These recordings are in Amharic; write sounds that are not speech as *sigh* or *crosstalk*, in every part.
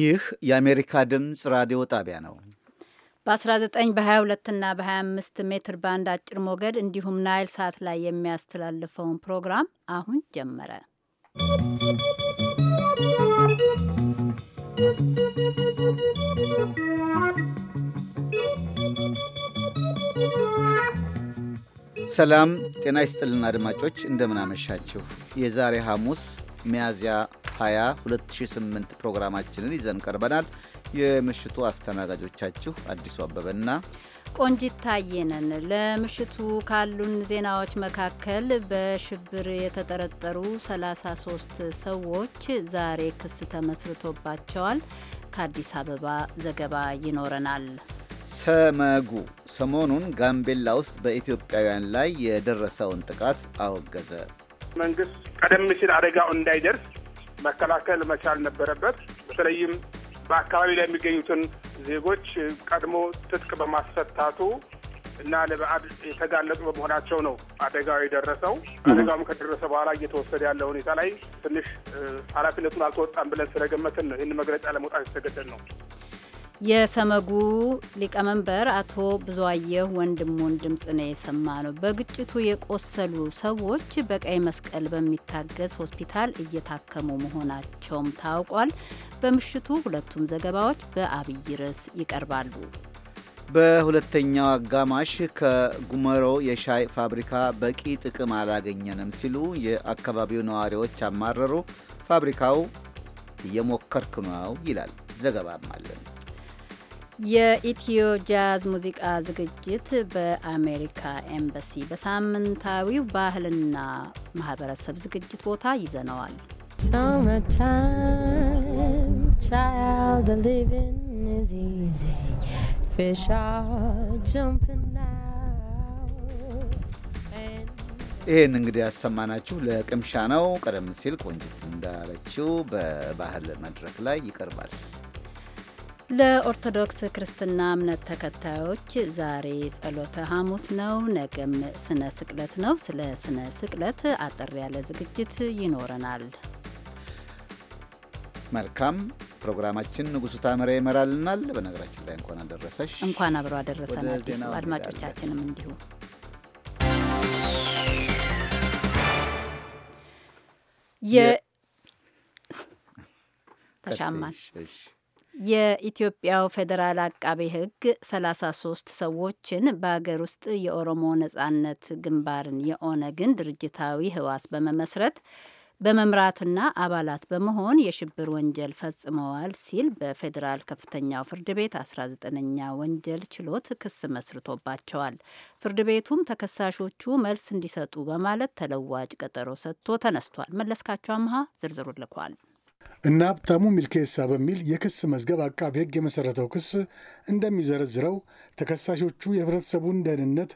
ይህ የአሜሪካ ድምፅ ራዲዮ ጣቢያ ነው። በ19 በ22 እና በ25 ሜትር ባንድ አጭር ሞገድ እንዲሁም ናይል ሳት ላይ የሚያስተላልፈውን ፕሮግራም አሁን ጀመረ። ሰላም ጤና ይስጥልን አድማጮች፣ እንደምናመሻችሁ የዛሬ ሐሙስ ሚያዝያ 20 2008 ፕሮግራማችንን ይዘን ቀርበናል። የምሽቱ አስተናጋጆቻችሁ አዲሱ አበበና ቆንጂት ታየነን። ለምሽቱ ካሉን ዜናዎች መካከል በሽብር የተጠረጠሩ 33 ሰዎች ዛሬ ክስ ተመስርቶባቸዋል። ከአዲስ አበባ ዘገባ ይኖረናል። ሰመጉ ሰሞኑን ጋምቤላ ውስጥ በኢትዮጵያውያን ላይ የደረሰውን ጥቃት አወገዘ። መንግስት ቀደም ሲል አደጋው እንዳይደርስ መከላከል መቻል ነበረበት። በተለይም በአካባቢ ላይ የሚገኙትን ዜጎች ቀድሞ ትጥቅ በማስፈታቱ እና ለበአድ የተጋለጡ በመሆናቸው ነው አደጋው የደረሰው። አደጋውም ከደረሰ በኋላ እየተወሰደ ያለ ሁኔታ ላይ ትንሽ ኃላፊነቱን አልተወጣም ብለን ስለገመትን ነው ይህን መግለጫ ለመውጣት የተገደል ነው። የሰመጉ ሊቀመንበር አቶ ብዙአየሁ ወንድሙን ድምፅ ነው የሰማ ነው። በግጭቱ የቆሰሉ ሰዎች በቀይ መስቀል በሚታገዝ ሆስፒታል እየታከሙ መሆናቸውም ታውቋል። በምሽቱ ሁለቱም ዘገባዎች በአብይ ርዕስ ይቀርባሉ። በሁለተኛው አጋማሽ ከጉመሮ የሻይ ፋብሪካ በቂ ጥቅም አላገኘንም ሲሉ የአካባቢው ነዋሪዎች አማረሩ። ፋብሪካው እየሞከርክ ነው ይላል። ዘገባም አለን። የኢትዮ ጃዝ ሙዚቃ ዝግጅት በአሜሪካ ኤምባሲ በሳምንታዊው ባህልና ማህበረሰብ ዝግጅት ቦታ ይዘነዋል። ይህን እንግዲህ ያሰማናችሁ ለቅምሻ ነው። ቀደም ሲል ቆንጅት እንዳለችው በባህል መድረክ ላይ ይቀርባል። ለኦርቶዶክስ ክርስትና እምነት ተከታዮች ዛሬ ጸሎተ ሐሙስ ነው። ነገም ስነ ስቅለት ነው። ስለ ስነ ስቅለት አጠር ያለ ዝግጅት ይኖረናል። መልካም ፕሮግራማችን ንጉሱ ታምሬ ይመራልናል። በነገራችን ላይ እንኳን አደረሰሽ። እንኳን አብሮ አደረሰን። አዲሱ አድማጮቻችንም እንዲሁ ተሻማል። የኢትዮጵያው ፌዴራል አቃቤ ሕግ 33 ሰዎችን በሀገር ውስጥ የኦሮሞ ነጻነት ግንባርን የኦነግን ድርጅታዊ ህዋስ በመመስረት በመምራትና አባላት በመሆን የሽብር ወንጀል ፈጽመዋል ሲል በፌዴራል ከፍተኛው ፍርድ ቤት 19ኛ ወንጀል ችሎት ክስ መስርቶባቸዋል። ፍርድ ቤቱም ተከሳሾቹ መልስ እንዲሰጡ በማለት ተለዋጭ ቀጠሮ ሰጥቶ ተነስቷል። መለስካቸው አምሃ ዝርዝሩ ልኳል። እነ ሀብታሙ ሚልኬሳ በሚል የክስ መዝገብ አቃቢ ሕግ የመሠረተው ክስ እንደሚዘረዝረው ተከሳሾቹ የህብረተሰቡን ደህንነት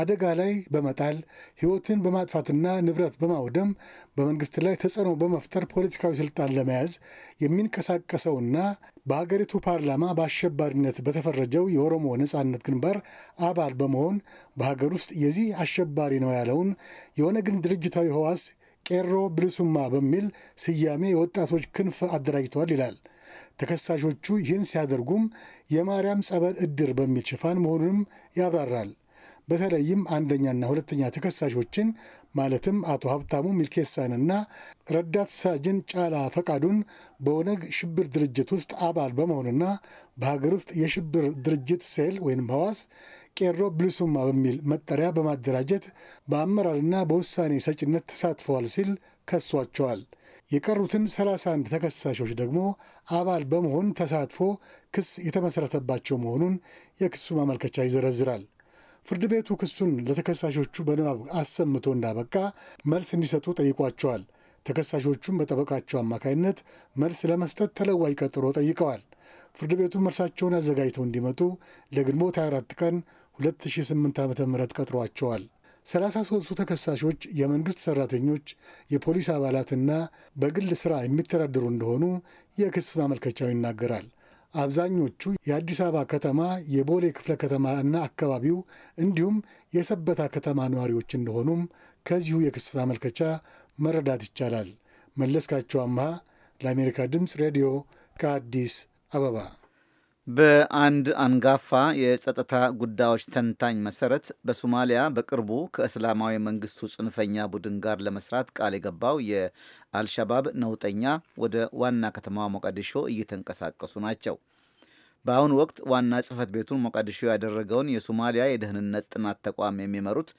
አደጋ ላይ በመጣል ሕይወትን በማጥፋትና ንብረት በማውደም በመንግሥት ላይ ተጽዕኖ በመፍጠር ፖለቲካዊ ሥልጣን ለመያዝ የሚንቀሳቀሰውና በአገሪቱ ፓርላማ በአሸባሪነት በተፈረጀው የኦሮሞ ነጻነት ግንባር አባል በመሆን በሀገር ውስጥ የዚህ አሸባሪ ነው ያለውን የኦነግን ድርጅታዊ ህዋስ ቄሮ ብልሱማ በሚል ስያሜ የወጣቶች ክንፍ አደራጅተዋል ይላል። ተከሳሾቹ ይህን ሲያደርጉም የማርያም ጸበል እድር በሚል ሽፋን መሆኑንም ያብራራል። በተለይም አንደኛና ሁለተኛ ተከሳሾችን ማለትም አቶ ሀብታሙ ሚልኬሳንና ረዳት ሳጅን ጫላ ፈቃዱን በኦነግ ሽብር ድርጅት ውስጥ አባል በመሆንና በሀገር ውስጥ የሽብር ድርጅት ሴል ወይም ሐዋስ ቄሮ ብልሱማ በሚል መጠሪያ በማደራጀት በአመራርና በውሳኔ ሰጭነት ተሳትፈዋል ሲል ከሷቸዋል። የቀሩትን 31 ተከሳሾች ደግሞ አባል በመሆን ተሳትፎ ክስ የተመሠረተባቸው መሆኑን የክሱ ማመልከቻ ይዘረዝራል። ፍርድ ቤቱ ክሱን ለተከሳሾቹ በንባብ አሰምቶ እንዳበቃ መልስ እንዲሰጡ ጠይቋቸዋል። ተከሳሾቹም በጠበቃቸው አማካይነት መልስ ለመስጠት ተለዋጭ ቀጠሮ ጠይቀዋል። ፍርድ ቤቱ መልሳቸውን አዘጋጅተው እንዲመጡ ለግንቦት 24 ቀን 2008 ዓ ም ቀጥሯቸዋል። 33ቱ ተከሳሾች የመንግሥት ሠራተኞች፣ የፖሊስ አባላትና በግል ሥራ የሚተዳደሩ እንደሆኑ የክስ ማመልከቻው ይናገራል። አብዛኞቹ የአዲስ አበባ ከተማ የቦሌ ክፍለ ከተማ እና አካባቢው እንዲሁም የሰበታ ከተማ ነዋሪዎች እንደሆኑም ከዚሁ የክስ ማመልከቻ መረዳት ይቻላል። መለስካቸው አምሃ ለአሜሪካ ድምፅ ሬዲዮ ከአዲስ አበባ በአንድ አንጋፋ የጸጥታ ጉዳዮች ተንታኝ መሰረት በሶማሊያ በቅርቡ ከእስላማዊ መንግስቱ ጽንፈኛ ቡድን ጋር ለመስራት ቃል የገባው የአልሸባብ ነውጠኛ ወደ ዋና ከተማዋ ሞቃዲሾ እየተንቀሳቀሱ ናቸው። በአሁኑ ወቅት ዋና ጽህፈት ቤቱን ሞቃዲሾ ያደረገውን የሶማሊያ የደህንነት ጥናት ተቋም የሚመሩት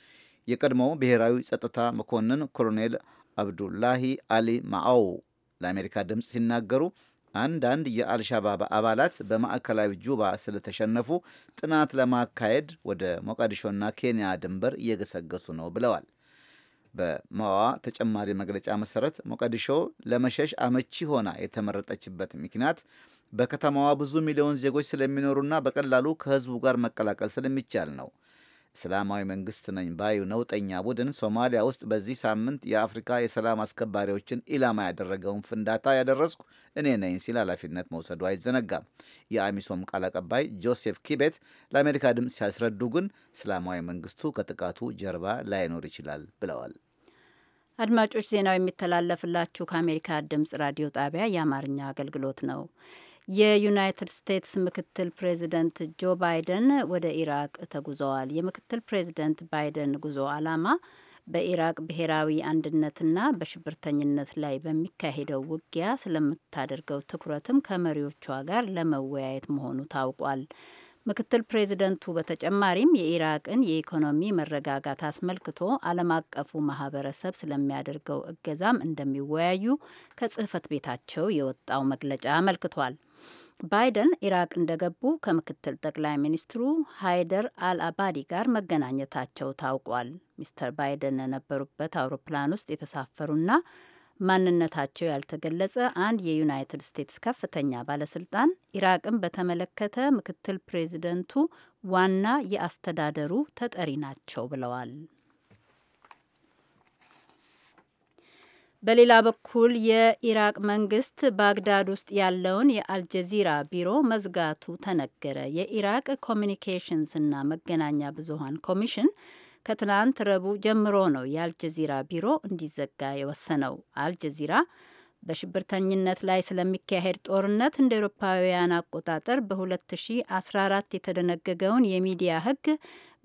የቀድሞው ብሔራዊ ጸጥታ መኮንን ኮሎኔል አብዱላሂ አሊ ማአው ለአሜሪካ ድምፅ ሲናገሩ አንዳንድ የአልሻባብ አባላት በማዕከላዊ ጁባ ስለተሸነፉ ጥናት ለማካሄድ ወደ ሞቃዲሾና ኬንያ ድንበር እየገሰገሱ ነው ብለዋል። በመዋ ተጨማሪ መግለጫ መሰረት ሞቃዲሾ ለመሸሽ አመቺ ሆና የተመረጠችበት ምክንያት በከተማዋ ብዙ ሚሊዮን ዜጎች ስለሚኖሩና በቀላሉ ከህዝቡ ጋር መቀላቀል ስለሚቻል ነው። እስላማዊ መንግስት ነኝ ባዩ ነውጠኛ ቡድን ሶማሊያ ውስጥ በዚህ ሳምንት የአፍሪካ የሰላም አስከባሪዎችን ኢላማ ያደረገውን ፍንዳታ ያደረስኩ እኔ ነኝ ሲል ኃላፊነት መውሰዱ አይዘነጋም። የአሚሶም ቃል አቀባይ ጆሴፍ ኪቤት ለአሜሪካ ድምፅ ሲያስረዱ ግን እስላማዊ መንግስቱ ከጥቃቱ ጀርባ ላይኖር ይችላል ብለዋል። አድማጮች ዜናው የሚተላለፍላችሁ ከአሜሪካ ድምፅ ራዲዮ ጣቢያ የአማርኛ አገልግሎት ነው። የዩናይትድ ስቴትስ ምክትል ፕሬዚደንት ጆ ባይደን ወደ ኢራቅ ተጉዘዋል። የምክትል ፕሬዚደንት ባይደን ጉዞ ዓላማ በኢራቅ ብሔራዊ አንድነትና በሽብርተኝነት ላይ በሚካሄደው ውጊያ ስለምታደርገው ትኩረትም ከመሪዎቿ ጋር ለመወያየት መሆኑ ታውቋል። ምክትል ፕሬዚደንቱ በተጨማሪም የኢራቅን የኢኮኖሚ መረጋጋት አስመልክቶ ዓለም አቀፉ ማህበረሰብ ስለሚያደርገው እገዛም እንደሚወያዩ ከጽህፈት ቤታቸው የወጣው መግለጫ አመልክቷል። ባይደን ኢራቅ እንደገቡ ከምክትል ጠቅላይ ሚኒስትሩ ሃይደር አልአባዲ ጋር መገናኘታቸው ታውቋል። ሚስተር ባይደን የነበሩበት አውሮፕላን ውስጥ የተሳፈሩና ማንነታቸው ያልተገለጸ አንድ የዩናይትድ ስቴትስ ከፍተኛ ባለስልጣን ኢራቅን በተመለከተ ምክትል ፕሬዚደንቱ ዋና የአስተዳደሩ ተጠሪ ናቸው ብለዋል። በሌላ በኩል የኢራቅ መንግስት ባግዳድ ውስጥ ያለውን የአልጀዚራ ቢሮ መዝጋቱ ተነገረ። የኢራቅ ኮሚኒኬሽንስና መገናኛ ብዙሀን ኮሚሽን ከትናንት ረቡዕ ጀምሮ ነው የአልጀዚራ ቢሮ እንዲዘጋ የወሰነው። አልጀዚራ በሽብርተኝነት ላይ ስለሚካሄድ ጦርነት እንደ ኤሮፓውያን አቆጣጠር በ2014 የተደነገገውን የሚዲያ ህግ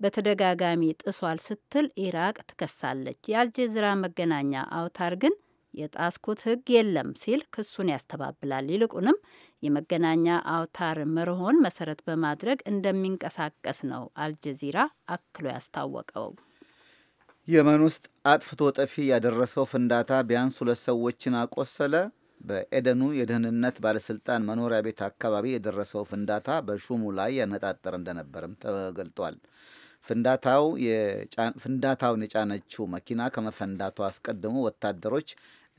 በተደጋጋሚ ጥሷል ስትል ኢራቅ ትከሳለች። የአልጀዚራ መገናኛ አውታር ግን የጣስኩት ህግ የለም ሲል ክሱን ያስተባብላል። ይልቁንም የመገናኛ አውታር መርሆን መሰረት በማድረግ እንደሚንቀሳቀስ ነው አልጀዚራ አክሎ ያስታወቀው። የመን ውስጥ አጥፍቶ ጠፊ ያደረሰው ፍንዳታ ቢያንስ ሁለት ሰዎችን አቆሰለ። በኤደኑ የደህንነት ባለስልጣን መኖሪያ ቤት አካባቢ የደረሰው ፍንዳታ በሹሙ ላይ ያነጣጠረ እንደነበርም ተገልጧል። ፍንዳታውን የጫነችው መኪና ከመፈንዳቱ አስቀድሞ ወታደሮች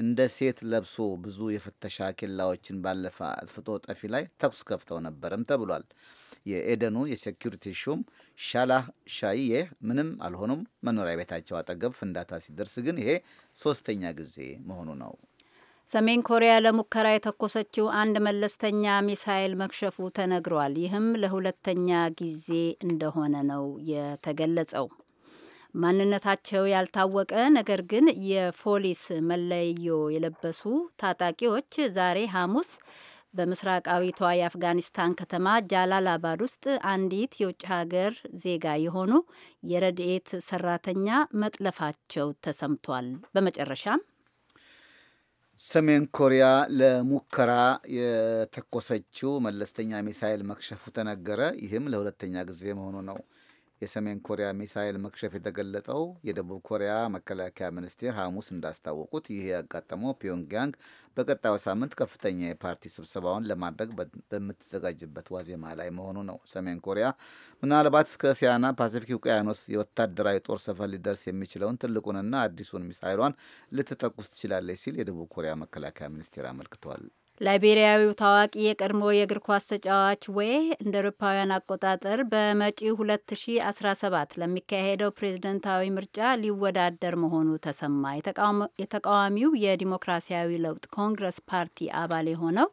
እንደ ሴት ለብሶ ብዙ የፍተሻ ኬላዎችን ባለፈ አጥፍቶ ጠፊ ላይ ተኩስ ከፍተው ነበርም ተብሏል። የኤደኑ የሴኪሪቲ ሹም ሻላህ ሻይዬ ምንም አልሆኑም። መኖሪያ ቤታቸው አጠገብ ፍንዳታ ሲደርስ ግን ይሄ ሶስተኛ ጊዜ መሆኑ ነው። ሰሜን ኮሪያ ለሙከራ የተኮሰችው አንድ መለስተኛ ሚሳይል መክሸፉ ተነግሯል። ይህም ለሁለተኛ ጊዜ እንደሆነ ነው የተገለጸው። ማንነታቸው ያልታወቀ ነገር ግን የፖሊስ መለዮ የለበሱ ታጣቂዎች ዛሬ ሐሙስ በምስራቃዊቷ የአፍጋኒስታን ከተማ ጃላላባድ ውስጥ አንዲት የውጭ ሀገር ዜጋ የሆኑ የረድኤት ሰራተኛ መጥለፋቸው ተሰምቷል። በመጨረሻም ሰሜን ኮሪያ ለሙከራ የተኮሰችው መለስተኛ ሚሳይል መክሸፉ ተነገረ። ይህም ለሁለተኛ ጊዜ መሆኑ ነው። የሰሜን ኮሪያ ሚሳይል መክሸፍ የተገለጠው የደቡብ ኮሪያ መከላከያ ሚኒስቴር ሐሙስ እንዳስታወቁት ይህ ያጋጠመው ፒዮንግያንግ በቀጣዩ ሳምንት ከፍተኛ የፓርቲ ስብሰባውን ለማድረግ በምትዘጋጅበት ዋዜማ ላይ መሆኑ ነው። ሰሜን ኮሪያ ምናልባት እስከ እስያና ፓሲፊክ ውቅያኖስ የወታደራዊ ጦር ሰፈር ሊደርስ የሚችለውን ትልቁንና አዲሱን ሚሳይሏን ልትተኩስ ትችላለች ሲል የደቡብ ኮሪያ መከላከያ ሚኒስቴር አመልክቷል። ላይቤሪያዊው ታዋቂ የቀድሞ የእግር ኳስ ተጫዋች ዌይ እንደ አውሮፓውያን አቆጣጠር በመጪ 2017 ለሚካሄደው ፕሬዝደንታዊ ምርጫ ሊወዳደር መሆኑ ተሰማ። የተቃዋሚው የዲሞክራሲያዊ ለውጥ ኮንግረስ ፓርቲ አባል የሆነው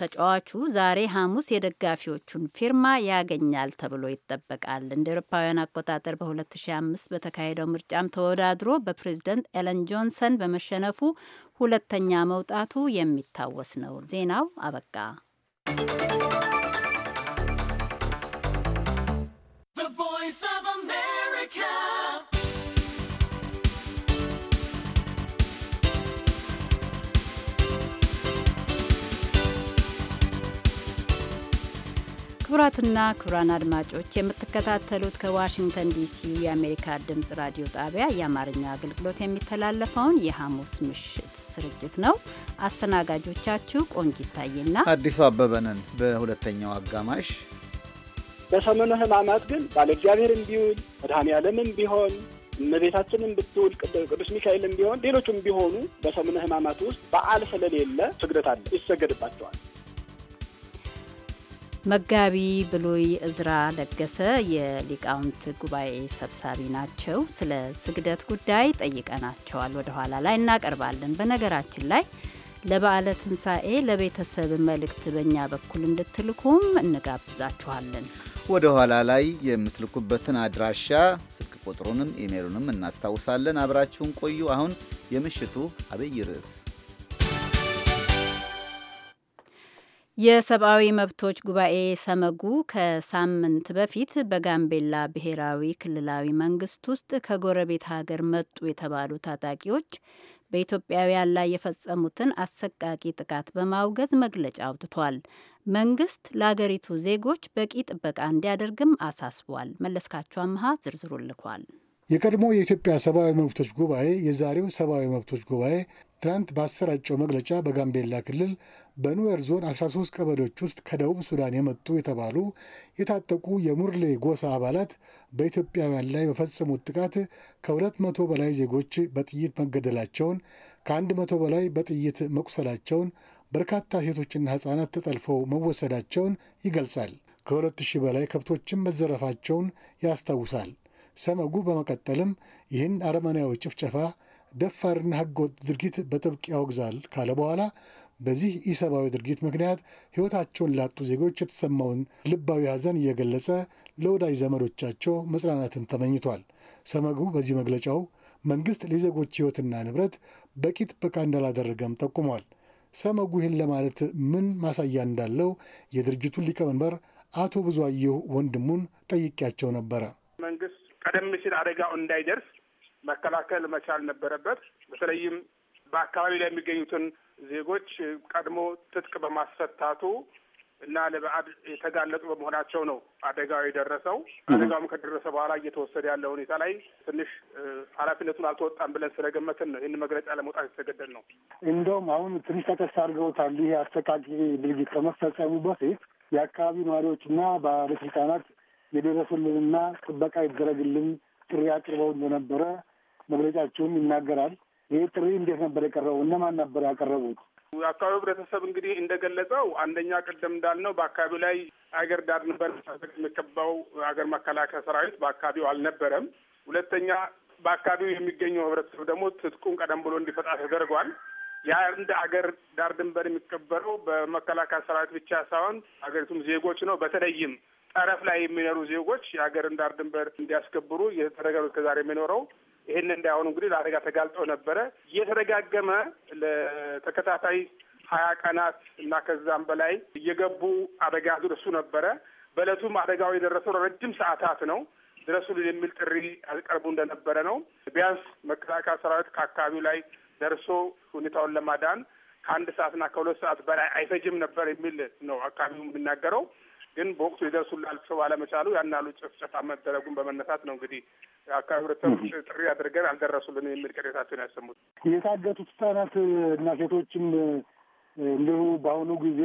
ተጫዋቹ ዛሬ ሐሙስ የደጋፊዎቹን ፊርማ ያገኛል ተብሎ ይጠበቃል። እንደ አውሮፓውያን አቆጣጠር በ2005 በተካሄደው ምርጫም ተወዳድሮ በፕሬዝደንት ኤለን ጆንሰን በመሸነፉ ሁለተኛ መውጣቱ የሚታወስ ነው። ዜናው አበቃ። ክቡራትና ክቡራን አድማጮች የምትከታተሉት ከዋሽንግተን ዲሲ የአሜሪካ ድምፅ ራዲዮ ጣቢያ የአማርኛ አገልግሎት የሚተላለፈውን የሐሙስ ምሽት ስርጭት ነው። አስተናጋጆቻችሁ ቆንጅ ይታይና አዲሱ አበበንን በሁለተኛው አጋማሽ በሰሙነ ሕማማት ግን ባለ እግዚአብሔርም ቢውል መድኃኔዓለምም ቢሆን እመቤታችንም ብትውል ቅዱስ ሚካኤልም ቢሆን ሌሎቹም ቢሆኑ በሰሙነ ሕማማት ውስጥ በዓል ስለሌለ ስግደት አለ፣ ይሰገድባቸዋል። መጋቢ ብሉይ እዝራ ለገሰ የሊቃውንት ጉባኤ ሰብሳቢ ናቸው። ስለ ስግደት ጉዳይ ጠይቀናቸዋል። ወደ ኋላ ላይ እናቀርባለን። በነገራችን ላይ ለበዓለ ትንሣኤ ለቤተሰብ መልእክት በእኛ በኩል እንድትልኩም እንጋብዛችኋለን። ወደ ኋላ ላይ የምትልኩበትን አድራሻ ስልክ ቁጥሩንም ኢሜሉንም እናስታውሳለን። አብራችሁን ቆዩ። አሁን የምሽቱ አብይ ርዕስ የሰብአዊ መብቶች ጉባኤ ሰመጉ ከሳምንት በፊት በጋምቤላ ብሔራዊ ክልላዊ መንግስት ውስጥ ከጎረቤት ሀገር መጡ የተባሉ ታጣቂዎች በኢትዮጵያውያን ላይ የፈጸሙትን አሰቃቂ ጥቃት በማውገዝ መግለጫ አውጥቷል። መንግስት ለአገሪቱ ዜጎች በቂ ጥበቃ እንዲያደርግም አሳስቧል። መለስካቸው አምሃ ዝርዝሩ ልኳል። የቀድሞ የኢትዮጵያ ሰብአዊ መብቶች ጉባኤ የዛሬው ሰብአዊ መብቶች ጉባኤ ትናንት ባሰራጨው መግለጫ በጋምቤላ ክልል በኑዌር ዞን 13 ቀበሌዎች ውስጥ ከደቡብ ሱዳን የመጡ የተባሉ የታጠቁ የሙርሌ ጎሳ አባላት በኢትዮጵያውያን ላይ በፈጸሙት ጥቃት ከሁለት መቶ በላይ ዜጎች በጥይት መገደላቸውን፣ ከአንድ መቶ በላይ በጥይት መቁሰላቸውን፣ በርካታ ሴቶችና ሕፃናት ተጠልፈው መወሰዳቸውን ይገልጻል። ከሁለት ሺህ በላይ ከብቶችም መዘረፋቸውን ያስታውሳል። ሰመጉ በመቀጠልም ይህን አረመናዊ ጭፍጨፋ ደፋርና ህገወጥ ድርጊት በጥብቅ ያወግዛል ካለ በኋላ በዚህ ኢሰብአዊ ድርጊት ምክንያት ህይወታቸውን ላጡ ዜጎች የተሰማውን ልባዊ ሀዘን እየገለጸ ለወዳጅ ዘመዶቻቸው መጽናናትን ተመኝቷል። ሰመጉ በዚህ መግለጫው መንግስት ለዜጎች ህይወትና ንብረት በቂ ጥበቃ እንዳላደረገም ጠቁሟል። ሰመጉ ይህን ለማለት ምን ማሳያ እንዳለው የድርጅቱን ሊቀመንበር አቶ ብዙአየሁ ወንድሙን ጠይቄያቸው ነበረ። መንግስት ቀደም ሲል አደጋው እንዳይደርስ መከላከል መቻል ነበረበት። በተለይም በአካባቢ ላይ የሚገኙትን ዜጎች ቀድሞ ትጥቅ በማስፈታቱ እና ለበአድ የተጋለጡ በመሆናቸው ነው አደጋው የደረሰው። አደጋውም ከደረሰ በኋላ እየተወሰደ ያለ ሁኔታ ላይ ትንሽ ኃላፊነቱን አልተወጣም ብለን ስለገመትን ነው ይህን መግለጫ ለመውጣት የተገደል ነው። እንደውም አሁን ትንሽ ተቀስ አድርገውታል። ይህ አሰቃቂ ድርጊት ከመፈጸሙ በፊት የአካባቢ ነዋሪዎችና ባለስልጣናት የደረሱልንና ጥበቃ ይደረግልን ጥሪ አቅርበው እንደነበረ መግለጫቸውም ይናገራል። ይህ ጥሪ እንዴት ነበር የቀረበው? እነማን ነበር ያቀረቡት? የአካባቢው ህብረተሰብ እንግዲህ እንደገለጸው አንደኛ ቀደም እንዳልነው በአካባቢው ላይ አገር ዳር ነበር የሚከባው አገር መከላከያ ሰራዊት በአካባቢው አልነበረም። ሁለተኛ በአካባቢው የሚገኘው ህብረተሰብ ደግሞ ትጥቁን ቀደም ብሎ እንዲፈጣ ተደርጓል። የአንድ አገር ዳር ድንበር የሚከበረው በመከላከያ ሰራዊት ብቻ ሳይሆን ሀገሪቱም ዜጎች ነው። በተለይም ጠረፍ ላይ የሚኖሩ ዜጎች የሀገርን ዳር ድንበር እንዲያስከብሩ የተደረገ ከዛሬ የሚኖረው ይህን እንዳይሆኑ እንግዲህ ለአደጋ ተጋልጦ ነበረ። እየተደጋገመ ለተከታታይ ሀያ ቀናት እና ከዛም በላይ እየገቡ አደጋ ድረሱ ነበረ። በእለቱም አደጋው የደረሰው ረጅም ሰዓታት ነው። ድረሱልን የሚል ጥሪ አቀርቡ እንደነበረ ነው። ቢያንስ መከላከያ ሰራዊት ከአካባቢው ላይ ደርሶ ሁኔታውን ለማዳን ከአንድ ሰዓትና ከሁለት ሰዓት በላይ አይፈጅም ነበር የሚል ነው አካባቢው የሚናገረው። ግን በወቅቱ ሊደርሱላል ሰው አለመቻሉ ያን ያሉ ጭፍጨፋ መደረጉን በመነሳት ነው እንግዲህ አካባቢ ህብረተሰብ ጥሪ አድርገን አልደረሱልን የሚል ቅሬታቸውን ያሰሙት የታገቱት ህጻናት እና ሴቶችም እንዲሁ በአሁኑ ጊዜ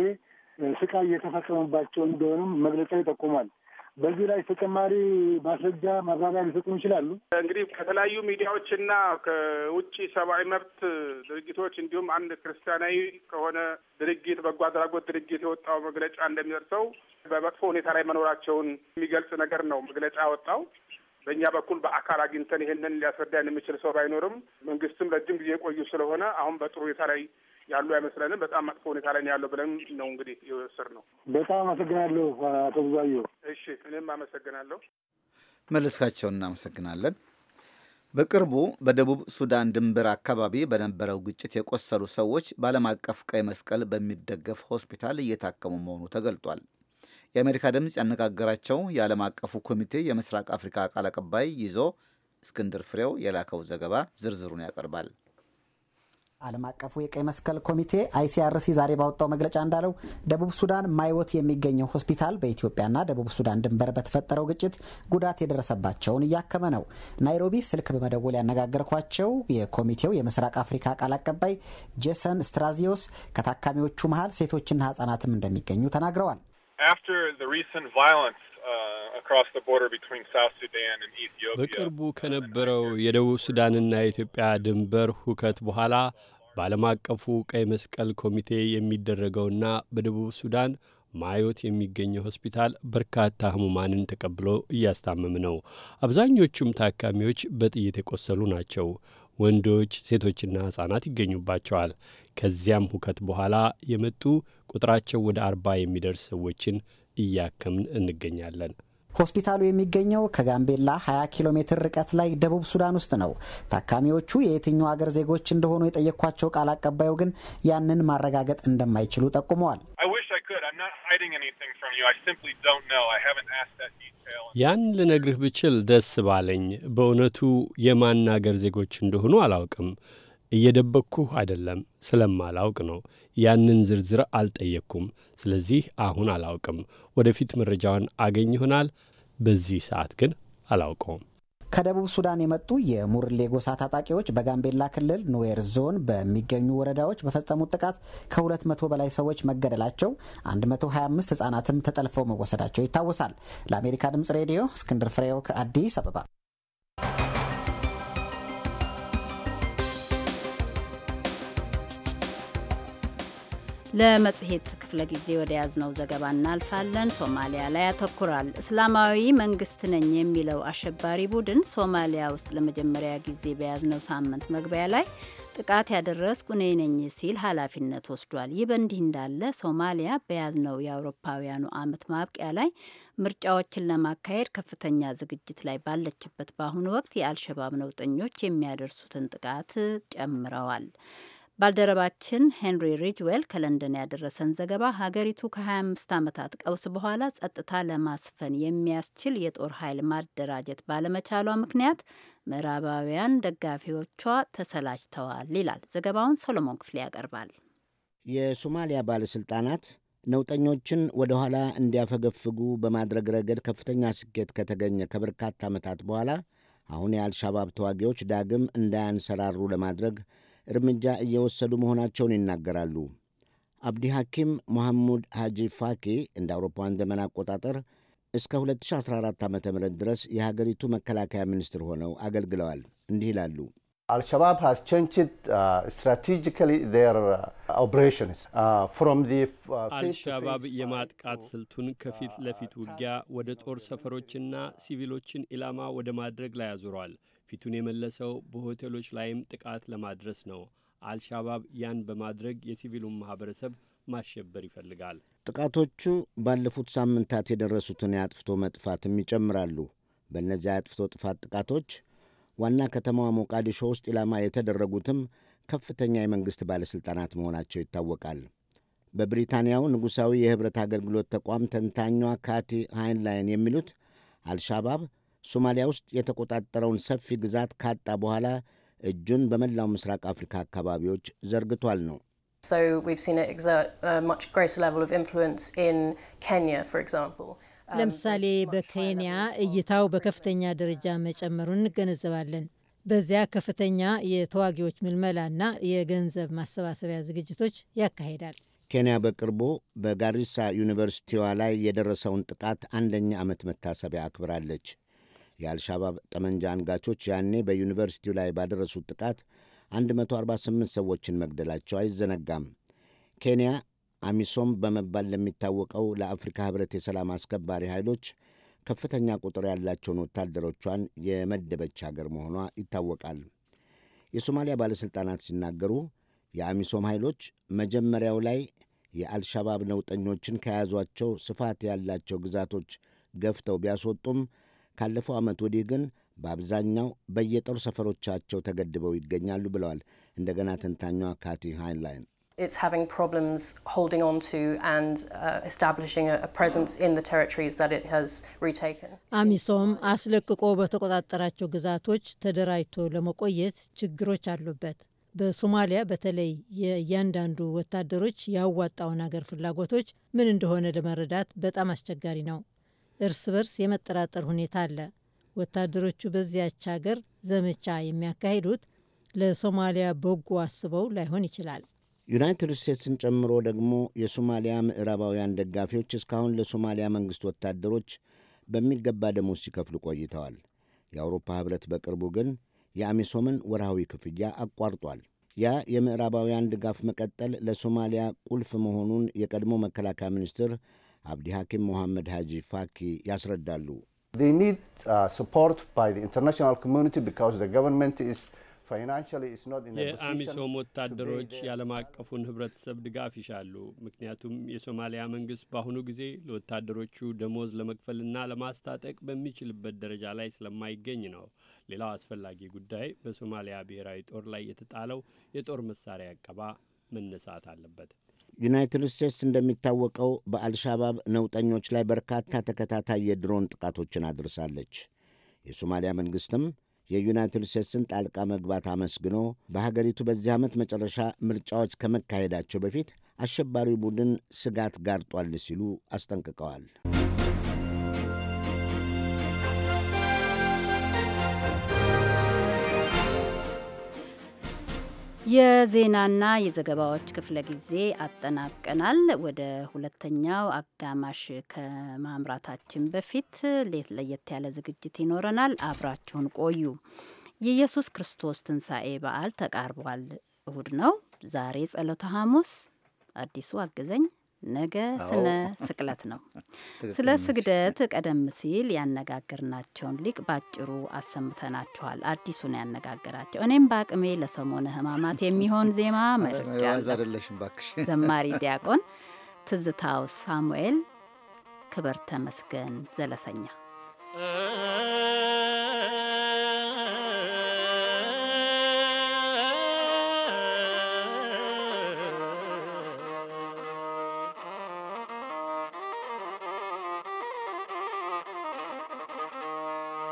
ስቃይ እየተፈጸመባቸው እንደሆነም መግለጫ ይጠቁማል። በዚህ ላይ ተጨማሪ ማስረጃ ማብራሪያ ሊሰጡ ይችላሉ። እንግዲህ ከተለያዩ ሚዲያዎች እና ከውጭ ሰብአዊ መብት ድርጅቶች እንዲሁም አንድ ክርስቲያናዊ ከሆነ ድርጅት በጎ አድራጎት ድርጅት የወጣው መግለጫ እንደሚደርሰው በመጥፎ ሁኔታ ላይ መኖራቸውን የሚገልጽ ነገር ነው መግለጫ ያወጣው በእኛ በኩል በአካል አግኝተን ይህንን ሊያስረዳን የሚችል ሰው ባይኖርም መንግስትም ረጅም ጊዜ የቆዩ ስለሆነ አሁን በጥሩ ሁኔታ ላይ ያሉ አይመስለንም። በጣም መጥፎ ሁኔታ ላይ ያለው ብለን ነው እንግዲህ የወሰድ ነው። በጣም አመሰግናለሁ አቶ ብዛዩ። እሺ እኔም አመሰግናለሁ። መለስካቸውን እናመሰግናለን። በቅርቡ በደቡብ ሱዳን ድንበር አካባቢ በነበረው ግጭት የቆሰሉ ሰዎች በዓለም አቀፍ ቀይ መስቀል በሚደገፍ ሆስፒታል እየታከሙ መሆኑ ተገልጧል። የአሜሪካ ድምፅ ያነጋገራቸው የዓለም አቀፉ ኮሚቴ የምስራቅ አፍሪካ ቃል አቀባይ ይዞ እስክንድር ፍሬው የላከው ዘገባ ዝርዝሩን ያቀርባል። ዓለም አቀፉ የቀይ መስቀል ኮሚቴ አይሲአርሲ ዛሬ ባወጣው መግለጫ እንዳለው ደቡብ ሱዳን ማይወት የሚገኘው ሆስፒታል በኢትዮጵያና ደቡብ ሱዳን ድንበር በተፈጠረው ግጭት ጉዳት የደረሰባቸውን እያከመ ነው። ናይሮቢ ስልክ በመደወል ያነጋገርኳቸው የኮሚቴው የምስራቅ አፍሪካ ቃል አቀባይ ጄሰን ስትራዚዮስ ከታካሚዎቹ መሀል ሴቶችና ህጻናትም እንደሚገኙ ተናግረዋል። በቅርቡ ከነበረው የደቡብ ሱዳንና የኢትዮጵያ ድንበር ሁከት በኋላ በዓለም አቀፉ ቀይ መስቀል ኮሚቴ የሚደረገውና በደቡብ ሱዳን ማዮት የሚገኘው ሆስፒታል በርካታ ህሙማንን ተቀብሎ እያስታመም ነው። አብዛኞቹም ታካሚዎች በጥይት የቆሰሉ ናቸው። ወንዶች፣ ሴቶችና ሕፃናት ይገኙባቸዋል። ከዚያም ሁከት በኋላ የመጡ ቁጥራቸው ወደ አርባ የሚደርስ ሰዎችን እያከምን እንገኛለን። ሆስፒታሉ የሚገኘው ከጋምቤላ 20 ኪሎ ሜትር ርቀት ላይ ደቡብ ሱዳን ውስጥ ነው። ታካሚዎቹ የየትኛው አገር ዜጎች እንደሆኑ የጠየኳቸው ቃል አቀባዩ ግን ያንን ማረጋገጥ እንደማይችሉ ጠቁመዋል። ያን ልነግርህ ብችል ደስ ባለኝ። በእውነቱ የማን አገር ዜጎች እንደሆኑ አላውቅም። እየደበቅኩህ አይደለም፣ ስለማላውቅ ነው። ያንን ዝርዝር አልጠየቅኩም። ስለዚህ አሁን አላውቅም። ወደፊት መረጃውን አገኝ ይሆናል በዚህ ሰዓት ግን አላውቀውም። ከደቡብ ሱዳን የመጡ የሙርሌ ጎሳ ታጣቂዎች በጋምቤላ ክልል ኑዌር ዞን በሚገኙ ወረዳዎች በፈጸሙት ጥቃት ከ200 በላይ ሰዎች መገደላቸው፣ 125 ህጻናትም ተጠልፈው መወሰዳቸው ይታወሳል። ለአሜሪካ ድምጽ ሬዲዮ እስክንድር ፍሬው ከአዲስ አበባ ለመጽሔት ክፍለ ጊዜ ወደ ያዝነው ዘገባ እናልፋለን። ሶማሊያ ላይ ያተኩራል። እስላማዊ መንግስት ነኝ የሚለው አሸባሪ ቡድን ሶማሊያ ውስጥ ለመጀመሪያ ጊዜ በያዝነው ሳምንት መግቢያ ላይ ጥቃት ያደረስኩ እኔ ነኝ ሲል ኃላፊነት ወስዷል። ይህ በእንዲህ እንዳለ ሶማሊያ በያዝነው የአውሮፓውያኑ ዓመት ማብቂያ ላይ ምርጫዎችን ለማካሄድ ከፍተኛ ዝግጅት ላይ ባለችበት በአሁኑ ወቅት የአልሸባብ ነውጠኞች የሚያደርሱትን ጥቃት ጨምረዋል። ባልደረባችን ሄንሪ ሪጅዌል ከለንደን ያደረሰን ዘገባ ሀገሪቱ ከ25 ዓመታት ቀውስ በኋላ ጸጥታ ለማስፈን የሚያስችል የጦር ኃይል ማደራጀት ባለመቻሏ ምክንያት ምዕራባውያን ደጋፊዎቿ ተሰላጅተዋል ይላል። ዘገባውን ሰሎሞን ክፍሌ ያቀርባል። የሶማሊያ ባለሥልጣናት ነውጠኞችን ወደ ኋላ እንዲያፈገፍጉ በማድረግ ረገድ ከፍተኛ ስኬት ከተገኘ ከበርካታ ዓመታት በኋላ አሁን የአልሻባብ ተዋጊዎች ዳግም እንዳያንሰራሩ ለማድረግ እርምጃ እየወሰዱ መሆናቸውን ይናገራሉ። አብዲ ሐኪም መሐሙድ ሐጂ ፋኪ እንደ አውሮፓውያን ዘመን አቆጣጠር እስከ 2014 ዓ ም ድረስ የሀገሪቱ መከላከያ ሚኒስትር ሆነው አገልግለዋል። እንዲህ ይላሉ። አልሸባብ ሀዝ ቼንጅድ ስትራቴጂካሊ ዜር ኦፕሬሽንስ ፍሮም አልሻባብ የማጥቃት ስልቱን ከፊት ለፊት ውጊያ ወደ ጦር ሰፈሮችና ሲቪሎችን ኢላማ ወደ ማድረግ ላይ አዙሯል። ፊቱን የመለሰው በሆቴሎች ላይም ጥቃት ለማድረስ ነው። አልሻባብ ያን በማድረግ የሲቪሉን ማኅበረሰብ ማሸበር ይፈልጋል። ጥቃቶቹ ባለፉት ሳምንታት የደረሱትን የአጥፍቶ መጥፋትም ይጨምራሉ። በእነዚያ የአጥፍቶ ጥፋት ጥቃቶች ዋና ከተማዋ ሞቃዲሾ ውስጥ ኢላማ የተደረጉትም ከፍተኛ የመንግሥት ባለሥልጣናት መሆናቸው ይታወቃል። በብሪታንያው ንጉሣዊ የኅብረት አገልግሎት ተቋም ተንታኟ ካቲ ሃይንላይን የሚሉት አልሻባብ ሶማሊያ ውስጥ የተቆጣጠረውን ሰፊ ግዛት ካጣ በኋላ እጁን በመላው ምስራቅ አፍሪካ አካባቢዎች ዘርግቷል ነው። uh, um, ለምሳሌ በኬንያ እይታው በከፍተኛ ደረጃ መጨመሩን እንገነዘባለን። በዚያ ከፍተኛ የተዋጊዎች ምልመላና የገንዘብ ማሰባሰቢያ ዝግጅቶች ያካሂዳል። ኬንያ በቅርቡ በጋሪሳ ዩኒቨርሲቲዋ ላይ የደረሰውን ጥቃት አንደኛ ዓመት መታሰቢያ አክብራለች። የአልሻባብ ጠመንጃ አንጋቾች ያኔ በዩኒቨርሲቲው ላይ ባደረሱት ጥቃት 148 ሰዎችን መግደላቸው አይዘነጋም። ኬንያ አሚሶም በመባል ለሚታወቀው ለአፍሪካ ህብረት የሰላም አስከባሪ ኃይሎች ከፍተኛ ቁጥር ያላቸውን ወታደሮቿን የመደበች አገር መሆኗ ይታወቃል። የሶማሊያ ባለሥልጣናት ሲናገሩ የአሚሶም ኃይሎች መጀመሪያው ላይ የአልሻባብ ነውጠኞችን ከያዟቸው ስፋት ያላቸው ግዛቶች ገፍተው ቢያስወጡም ካለፈው ዓመት ወዲህ ግን በአብዛኛው በየጦር ሰፈሮቻቸው ተገድበው ይገኛሉ ብለዋል። እንደገና ተንታኟ ካቲ ሃይንላይን አሚሶም አስለቅቆ በተቆጣጠራቸው ግዛቶች ተደራጅቶ ለመቆየት ችግሮች አሉበት። በሶማሊያ በተለይ የእያንዳንዱ ወታደሮች ያዋጣውን አገር ፍላጎቶች ምን እንደሆነ ለመረዳት በጣም አስቸጋሪ ነው። እርስ በርስ የመጠራጠር ሁኔታ አለ። ወታደሮቹ በዚያች ሀገር ዘመቻ የሚያካሂዱት ለሶማሊያ በጎ አስበው ላይሆን ይችላል። ዩናይትድ ስቴትስን ጨምሮ ደግሞ የሶማሊያ ምዕራባውያን ደጋፊዎች እስካሁን ለሶማሊያ መንግሥት ወታደሮች በሚገባ ደሞዝ ሲከፍሉ ቆይተዋል። የአውሮፓ ኅብረት በቅርቡ ግን የአሚሶምን ወርሃዊ ክፍያ አቋርጧል። ያ የምዕራባውያን ድጋፍ መቀጠል ለሶማሊያ ቁልፍ መሆኑን የቀድሞ መከላከያ ሚኒስትር አብዲ ሐኪም ሞሐመድ ሀጂ ፋኪ ያስረዳሉ። uh, የአሚሶም ወታደሮች የዓለም አቀፉን ህብረተሰብ ድጋፍ ይሻሉ። ምክንያቱም የሶማሊያ መንግስት በአሁኑ ጊዜ ለወታደሮቹ ደሞዝ ለመክፈልና ለማስታጠቅ በሚችልበት ደረጃ ላይ ስለማይገኝ ነው። ሌላው አስፈላጊ ጉዳይ በሶማሊያ ብሔራዊ ጦር ላይ የተጣለው የጦር መሳሪያ ዕቀባ መነሳት አለበት። ዩናይትድ ስቴትስ እንደሚታወቀው በአልሻባብ ነውጠኞች ላይ በርካታ ተከታታይ የድሮን ጥቃቶችን አድርሳለች። የሶማሊያ መንግሥትም የዩናይትድ ስቴትስን ጣልቃ መግባት አመስግኖ በሀገሪቱ በዚህ ዓመት መጨረሻ ምርጫዎች ከመካሄዳቸው በፊት አሸባሪው ቡድን ስጋት ጋርጧል ሲሉ አስጠንቅቀዋል። የዜናና የዘገባዎች ክፍለ ጊዜ አጠናቀናል። ወደ ሁለተኛው አጋማሽ ከማምራታችን በፊት ሌት ለየት ያለ ዝግጅት ይኖረናል። አብራችሁን ቆዩ። የኢየሱስ ክርስቶስ ትንሣኤ በዓል ተቃርቧል። እሁድ ነው ዛሬ ጸሎተ ሐሙስ። አዲሱ አግዘኝ ነገ ስነ ስቅለት ነው። ስለ ስግደት ቀደም ሲል ያነጋገርናቸውን ሊቅ ባጭሩ አሰምተናችኋል። አዲሱን ያነጋገራቸው እኔም በአቅሜ ለሰሞነ ሕማማት የሚሆን ዜማ መርጫ ዘማሪ *laughs* ዲያቆን ትዝታው ሳሙኤል ክብር ተመስገን ዘለሰኛ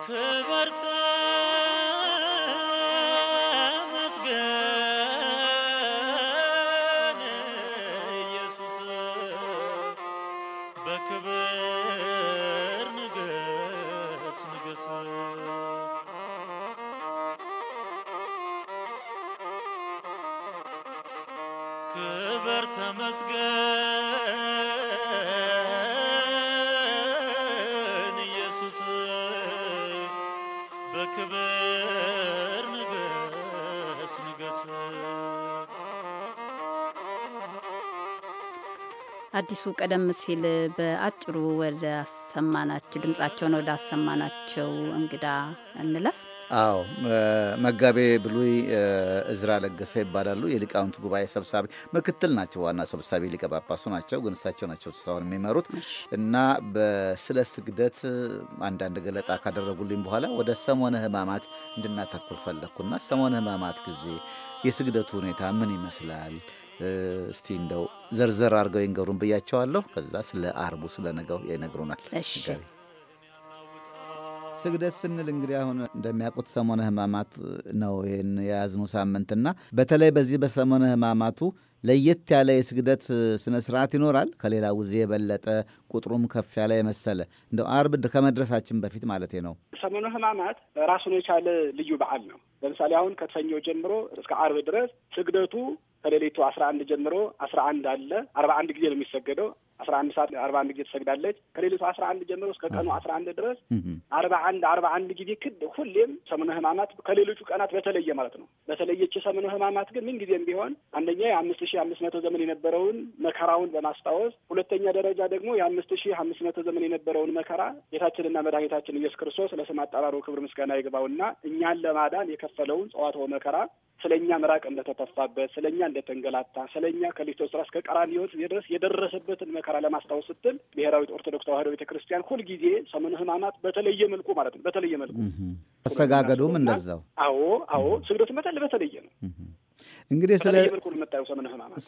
ክበርተ አዲሱ ቀደም ሲል በአጭሩ ወደ አሰማናቸው ድምጻቸውን ወደ አሰማናቸው እንግዳ እንለፍ። አዎ መጋቤ ብሉይ እዝራ ለገሰ ይባላሉ። የሊቃውንት ጉባኤ ሰብሳቢ ምክትል ናቸው። ዋና ሰብሳቢ ሊቀ ጳጳሱ ናቸው፣ ግን እሳቸው ናቸው ስራውን የሚመሩት እና በስለ ስግደት አንዳንድ ገለጣ ካደረጉልኝ በኋላ ወደ ሰሞነ ሕማማት እንድናተኩር ፈለግኩና ሰሞነ ሕማማት ጊዜ የስግደቱ ሁኔታ ምን ይመስላል? እስቲ እንደው ዘርዘር አድርገው ይንገሩን ብያቸዋለሁ። ከዛ ስለ አርቡ ስለ ነገው ይነግሩናል። ስግደት ስንል እንግዲህ አሁን እንደሚያውቁት ሰሞነ ሕማማት ነው ይህን የያዝኑ ሳምንትና በተለይ በዚህ በሰሞነ ሕማማቱ ለየት ያለ የስግደት ስነ ስርዓት ይኖራል። ከሌላ ጊዜ የበለጠ ቁጥሩም ከፍ ያለ የመሰለ እንደ አርብ ከመድረሳችን በፊት ማለት ነው። ሰሞኑ ህማማት ራሱን የቻለ ልዩ በዓል ነው። ለምሳሌ አሁን ከሰኞ ጀምሮ እስከ አርብ ድረስ ስግደቱ ከሌሊቱ አስራ አንድ ጀምሮ አስራ አንድ አለ አርባ አንድ ጊዜ ነው የሚሰገደው አስራ አንድ ሰዓት አርባ አንድ ጊዜ ትሰግዳለች። ከሌሊቱ አስራ አንድ ጀምሮ እስከ ቀኑ አስራ አንድ ድረስ አርባ አንድ አርባ አንድ ጊዜ ክድ ሁሌም ሰሙነ ሕማማት ከሌሎቹ ቀናት በተለየ ማለት ነው። በተለየች የሰሙነ ሕማማት ግን ምን ጊዜም ቢሆን አንደኛ የአምስት ሺህ አምስት መቶ ዘመን የነበረውን መከራውን በማስታወስ ሁለተኛ ደረጃ ደግሞ የአምስት ሺህ አምስት መቶ ዘመን የነበረውን መከራ ጌታችንና መድኃኒታችን ኢየሱስ ክርስቶስ ለስም አጠራሩ ክብር ምስጋና ይግባውና እኛን ለማዳን የከፈለውን ጸዋትወ መከራ ስለ እኛ ምራቅ እንደተተፋበት፣ ስለ እኛ እንደተንገላታ፣ ስለ እኛ ከሊቶስራ እስከ ቀራንዮ ድረስ የደረሰበትን መከራ ለማስታወስ ስትል ብሔራዊት ኦርቶዶክስ ተዋህዶ ቤተ ክርስቲያን ሁልጊዜ ሰሙነ ሕማማት በተለየ መልኩ ማለት ነው በተለየ መልኩ አሰጋገዱም እንደዛው። አዎ አዎ ስግደቱ በተለየ ነው። እንግዲህ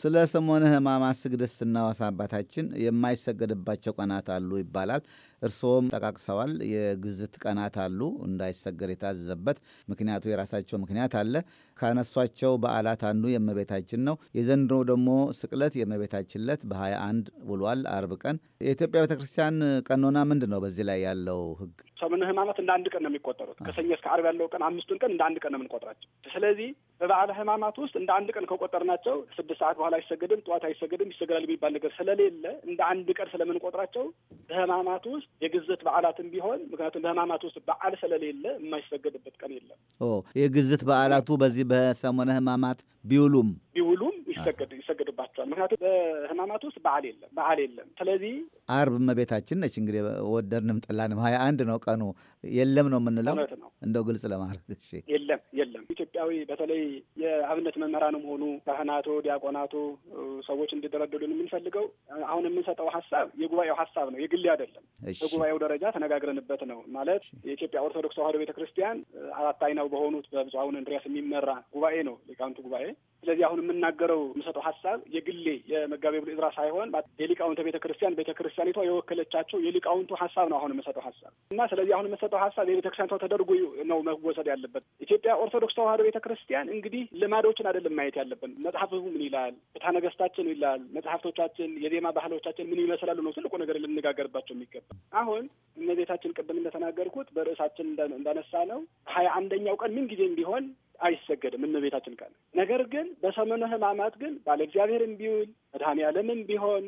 ስለ ሰሞነ ህማማ ስግደት ስናወሳ አባታችን የማይሰገድባቸው ቀናት አሉ ይባላል። እርስዎም ጠቃቅሰዋል። የግዝት ቀናት አሉ እንዳይሰገድ የታዘዘበት ምክንያቱ የራሳቸው ምክንያት አለ። ካነሷቸው በዓላት አንዱ የእመቤታችን ነው። የዘንድሮ ደግሞ ስቅለት የእመቤታችን ዕለት በ21 ውሏል አርብ ቀን። የኢትዮጵያ ቤተክርስቲያን ቀኖና ምንድን ነው? በዚህ ላይ ያለው ህግ ሰሙነ ህማማት እንደ አንድ ቀን ነው የሚቆጠሩት። ከሰኞ እስከ አርብ ያለው ቀን አምስቱን ቀን እንደ አንድ ቀን ነው የምንቆጥራቸው። ስለዚህ በበዓለ ሕማማት ውስጥ እንደ አንድ ቀን ከቆጠርናቸው ስድስት ሰዓት በኋላ አይሰገድም፣ ጠዋት አይሰገድም፣ ይሰገዳል የሚባል ነገር ስለሌለ እንደ አንድ ቀን ስለምንቆጥራቸው በሕማማት ውስጥ የግዝት በዓላትም ቢሆን ምክንያቱም በሕማማት ውስጥ በዓል ስለሌለ የማይሰገድበት ቀን የለም። የግዝት በዓላቱ በዚህ በሰሞነ ሕማማት ቢውሉም ቢውሉም ይሰገድ ይሰገድባቸዋል። ምክንያቱም በሕማማት ውስጥ በዓል የለም በዓል የለም። ስለዚህ አርብ እመቤታችን ነች እንግዲህ ወደድንም ጠላንም ሀያ አንድ ነው ቀኑ የለም ነው የምንለው እንደው ግልጽ ለማድረግ የለም የለም ኢትዮጵያዊ በተለይ በተለይ የአብነት መምህራንም ሆኑ ካህናቶ፣ ዲያቆናቶ ሰዎች እንዲደረድሉን የምንፈልገው አሁን የምንሰጠው ሀሳብ የጉባኤው ሀሳብ ነው፣ የግሌ አይደለም። በጉባኤው ደረጃ ተነጋግረንበት ነው ማለት የኢትዮጵያ ኦርቶዶክስ ተዋህዶ ቤተክርስቲያን አራት አይናው በሆኑት በብፁዕ አቡነ እንድሪያስ የሚመራ ጉባኤ ነው ሊቃውንቱ ጉባኤ ስለዚህ አሁን የምናገረው የምሰጠው ሀሳብ የግሌ የመጋቤ ብሉይ እዝራ ሳይሆን የሊቃውንተ ቤተ ክርስቲያን ቤተ ክርስቲያኒቷ የወከለቻቸው የሊቃውንቱ ሀሳብ ነው አሁን የምሰጠው ሀሳብ እና ስለዚህ አሁን የምሰጠው ሀሳብ የቤተ ክርስቲያኒቷ ተደርጎ ነው መወሰድ ያለበት። ኢትዮጵያ ኦርቶዶክስ ተዋህዶ ቤተ ክርስቲያን እንግዲህ ልማዶችን አይደለም ማየት ያለብን። መጽሐፉ ምን ይላል፣ ፍትሐ ነገስታችን ይላል፣ መጽሐፍቶቻችን፣ የዜማ ባህሎቻችን ምን ይመስላሉ ነው ትልቁ ነገር ልንነጋገርባቸው የሚገባ አሁን ቤታችን ቅድም እንደተናገርኩት በርዕሳችን እንዳነሳ ነው ሀያ አንደኛው ቀን ምን ጊዜም ቢሆን አይሰገድም እመቤታችን ቃል። ነገር ግን በሰሙነ ሕማማት ግን ባለ እግዚአብሔርም ቢውል መድኃኔ ዓለምም ቢሆን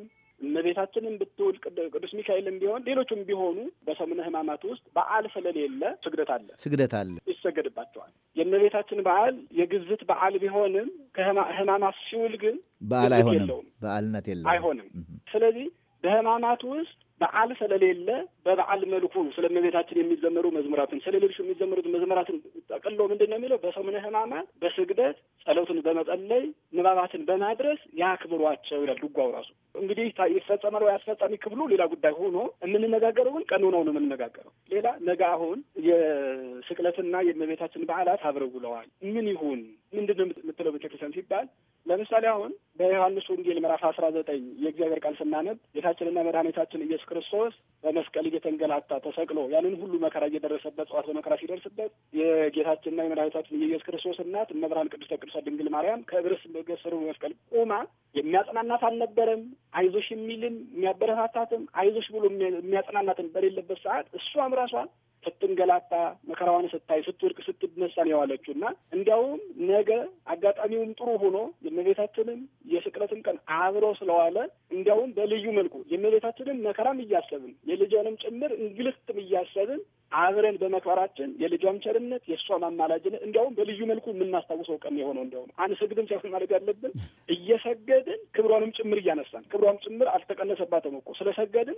እመቤታችንም ብትውል ቅዱስ ሚካኤልም ቢሆን ሌሎቹም ቢሆኑ በሰሙነ ሕማማት ውስጥ በዓል ስለሌለ ስግደት አለ ስግደት አለ ይሰገድባቸዋል። የእመቤታችን በዓል የግዝት በዓል ቢሆንም ከሕማማት ሲውል ግን በዓል አይሆንም፣ በዓልነት የለውም አይሆንም። ስለዚህ በሕማማት ውስጥ በዓል ስለሌለ በበዓል መልኩ ስለመቤታችን የሚዘመሩ መዝሙራትን ስለሌሎች የሚዘመሩት መዝሙራትን ጠቅሎ ምንድን ነው የሚለው በሰሙነ ሕማማት በስግደት ጸሎትን በመጸለይ ንባባትን በማድረስ ያክብሯቸው ይላል። ድጓው ራሱ እንግዲህ ይፈጸማል ወይ አስፈጻሚ ክፍሉ ሌላ ጉዳይ ሆኖ የምንነጋገረው ግን ቀኑ ነው የምንነጋገረው። ሌላ ነገ አሁን የስቅለትና የእመቤታችን በዓላት አብረው ውለዋል። ምን ይሁን ምንድን ነው የምትለው ቤተክርስቲያን ሲባል ለምሳሌ አሁን በዮሐንስ ወንጌል ምዕራፍ አስራ ዘጠኝ የእግዚአብሔር ቃል ስናነብ ጌታችንና መድኃኒታችን ኢየሱስ ክርስቶስ በመስቀል እየተንገላታ ተሰቅሎ ያንን ሁሉ መከራ እየደረሰበት ጽዋት በመከራ ሲደርስበት የጌታችንና የመድኃኒታችን የኢየሱስ ክርስቶስ እናት እመብርሃን ቅድስተ ቅዱሳን ድንግል ማርያም ከእግር ስር መስቀል ቁማ የሚያጽናናት አልነበረም። አይዞሽ የሚልም የሚያበረታታትም አይዞሽ ብሎ የሚያጽናናትን በሌለበት ሰዓት እሷም ራሷን ስትንገላታ መከራዋን ስታይ ስትወድቅ ስትነሳ ነው የዋለችው እና እንዲያውም ነገ አጋጣሚውም ጥሩ ሆኖ የእመቤታችንን የስቅለትን ቀን አብሮ ስለዋለ እንዲያውም በልዩ መልኩ የእመቤታችንን መከራም እያሰብን የልጇንም ጭምር እንግልትም እያሰብን አብረን በመክበራችን የልጇም ቸርነት የእሷም አማላጅነት እንዲያውም በልዩ መልኩ የምናስታውሰው ቀን የሆነው እንዲያውም አንሰግድም ሳይሆን ማድረግ ያለብን እየሰገድን ክብሯንም ጭምር እያነሳን ክብሯም ጭምር አልተቀነሰባትም እኮ ስለሰገድን